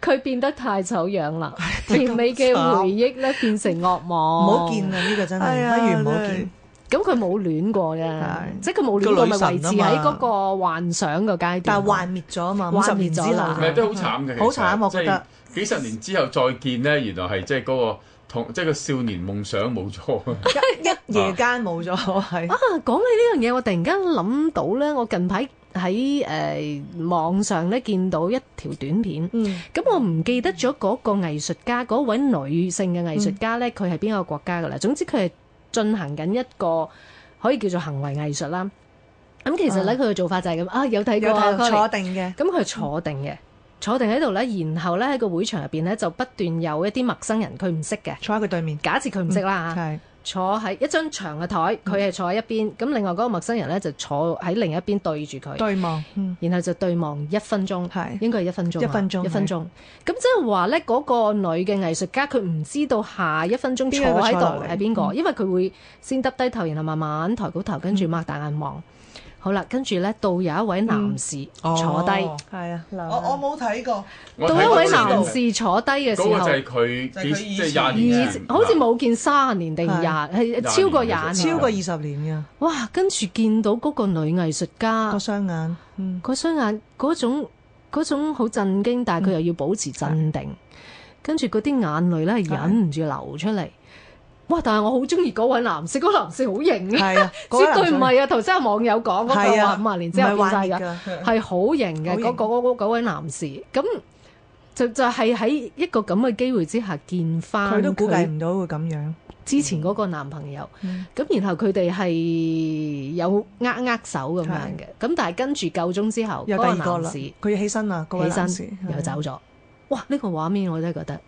佢變得太醜樣啦，甜美嘅回憶咧變成惡夢，唔好見啦！呢個真係，不如唔好見。咁佢冇戀過嘅，即係佢冇戀過，咪維持喺嗰個幻想個階段。但係幻滅咗啊嘛，五十年之難，係都好慘嘅。好慘，我覺得。幾十年之後再見呢，原來係即係嗰個同即係個少年夢想冇咗，一夜間冇咗，係啊！講起呢樣嘢，我突然間諗到咧，我近排。喺誒網上咧見到一條短片，咁我唔記得咗嗰個藝術家，嗰位女性嘅藝術家咧，佢係邊個國家噶啦？總之佢係進行緊一個可以叫做行為藝術啦。咁其實咧，佢嘅做法就係咁啊，有睇過坐定嘅，咁佢係坐定嘅，坐定喺度咧，然後咧喺個會場入邊咧，就不斷有一啲陌生人，佢唔識嘅，坐喺佢對面，假設佢唔識啦。坐喺一張長嘅台，佢係坐喺一邊，咁、嗯、另外嗰個陌生人呢，就坐喺另一邊對住佢對望，嗯、然後就對望一分鐘，係應該係一,一,一分鐘，一分鐘，一分鐘。咁即係話呢嗰個女嘅藝術家佢唔知道下一分鐘坐喺度係邊個，因為佢會先耷低頭，然後慢慢抬高頭，跟住擘大眼望。嗯嗯好啦，跟住咧到有一位男士坐低，係啊，我我冇睇過。到一位男士坐低嘅時候，嗰個就係佢，即係廿好似冇見三十年定廿係超過廿，超過二十年嘅。哇！跟住見到嗰個女藝術家個雙眼，個雙眼嗰種嗰種好震驚，但係佢又要保持鎮定，跟住嗰啲眼淚咧忍唔住流出嚟。哇！但係我好中意嗰位男士，嗰男士好型嘅，絕對唔係啊！頭先個網友講嗰個五十年之後變曬人，係好型嘅嗰個嗰位男士。咁就就係喺一個咁嘅機會之下見翻佢，都估計唔到會咁樣。之前嗰個男朋友咁，然後佢哋係有握握手咁樣嘅。咁但係跟住夠鐘之後，嗰位男士佢起身啦，起身又走咗。哇！呢個畫面我都覺得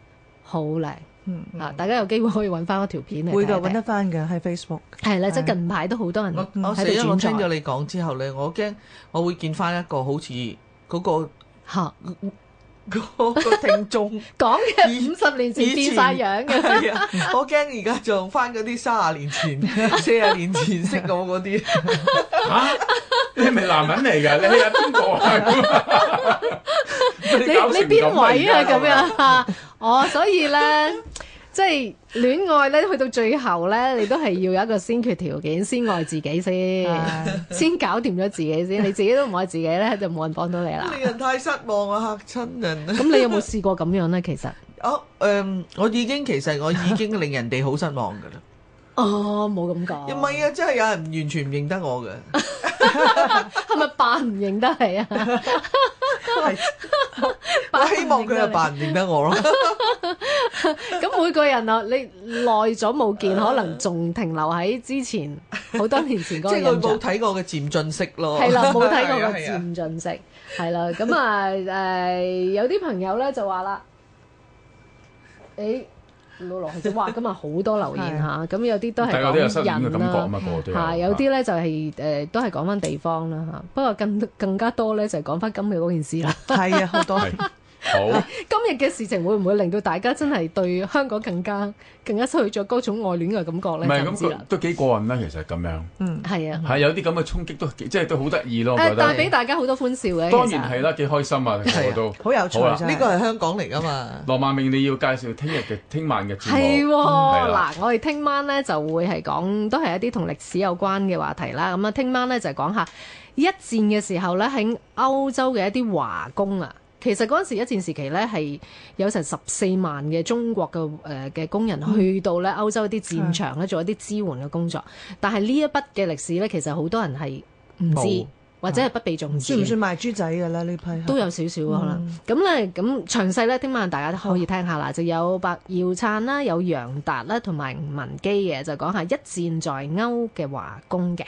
好靚。嗯啊！大家有機會可以揾翻嗰條片嚟睇，揾得翻嘅喺 Facebook。係啦，即係近排都好多人喺度轉台。我我我聽咗你講之後咧，我驚我會見翻一個好似嗰個嚇嗰個聽眾講嘅五十年前變晒樣嘅，我驚而家仲翻嗰啲三廿年前、四廿年前識我嗰啲。嚇！你係咪男人嚟㗎？你係邊個啊？你你邊位啊？咁樣嚇！哦，所以咧～即係戀愛咧，去到最後咧，你都係要有一個先決條件， 先愛自己先， 先搞掂咗自己先。你自己都唔愛自己咧，就冇人幫到你啦。 令人太失望啊，吓親人。咁 你有冇試過咁樣咧？其實，哦，誒，我已經其實我已經令人哋好失望噶啦。 哦，冇咁講，唔係啊，真係有人完全唔認得我嘅。係咪扮唔認得你啊？我希望佢係扮唔認得我咯。咁每個人啊，你耐咗冇見，可能仲停留喺之前好多年前嗰個印象，即係佢冇睇過嘅漸進式咯，係啦，冇睇過嘅漸進式，係啦。咁啊誒，有啲朋友咧就話啦，誒。攞落去哇！今日好多留言嚇，咁、 啊、有啲都係講人感覺啊嘛， 有啲咧就係、是、誒、呃，都係講翻地方啦、啊、嚇。 不過更更加多咧就係講翻今日嗰件事啦、啊。係 啊，好多 好，今日嘅事情會唔會令到大家真係對香港更加更加失去咗嗰種愛戀嘅感覺咧？唔係咁，都都幾過癮啦，其實咁樣。嗯，係啊。係有啲咁嘅衝擊都即係都好得意咯。係帶俾大家好多歡笑嘅。當然係啦，幾開心啊！全都好有趣啊！呢個係香港嚟㗎嘛？羅曼穎，你要介紹聽日嘅、聽晚嘅節目係啦。嗱，我哋聽晚咧就會係講都係一啲同歷史有關嘅話題啦。咁啊，聽晚咧就係講下一戰嘅時候咧喺歐洲嘅一啲華工啊。其實嗰陣時一戰時期咧，係有成十四萬嘅中國嘅誒嘅工人去到咧歐洲一啲戰場咧、嗯、做一啲支援嘅工作，但係呢一筆嘅歷史咧，其實好多人係唔知沒或者係不被重視。對算唔算賣豬仔㗎啦？呢批都有少少可能。咁咧咁詳細咧，聽晚大家可以聽下啦。嗯、就有白耀燦啦，有楊達啦，同埋文基嘅，就講下一戰在歐嘅華工嘅。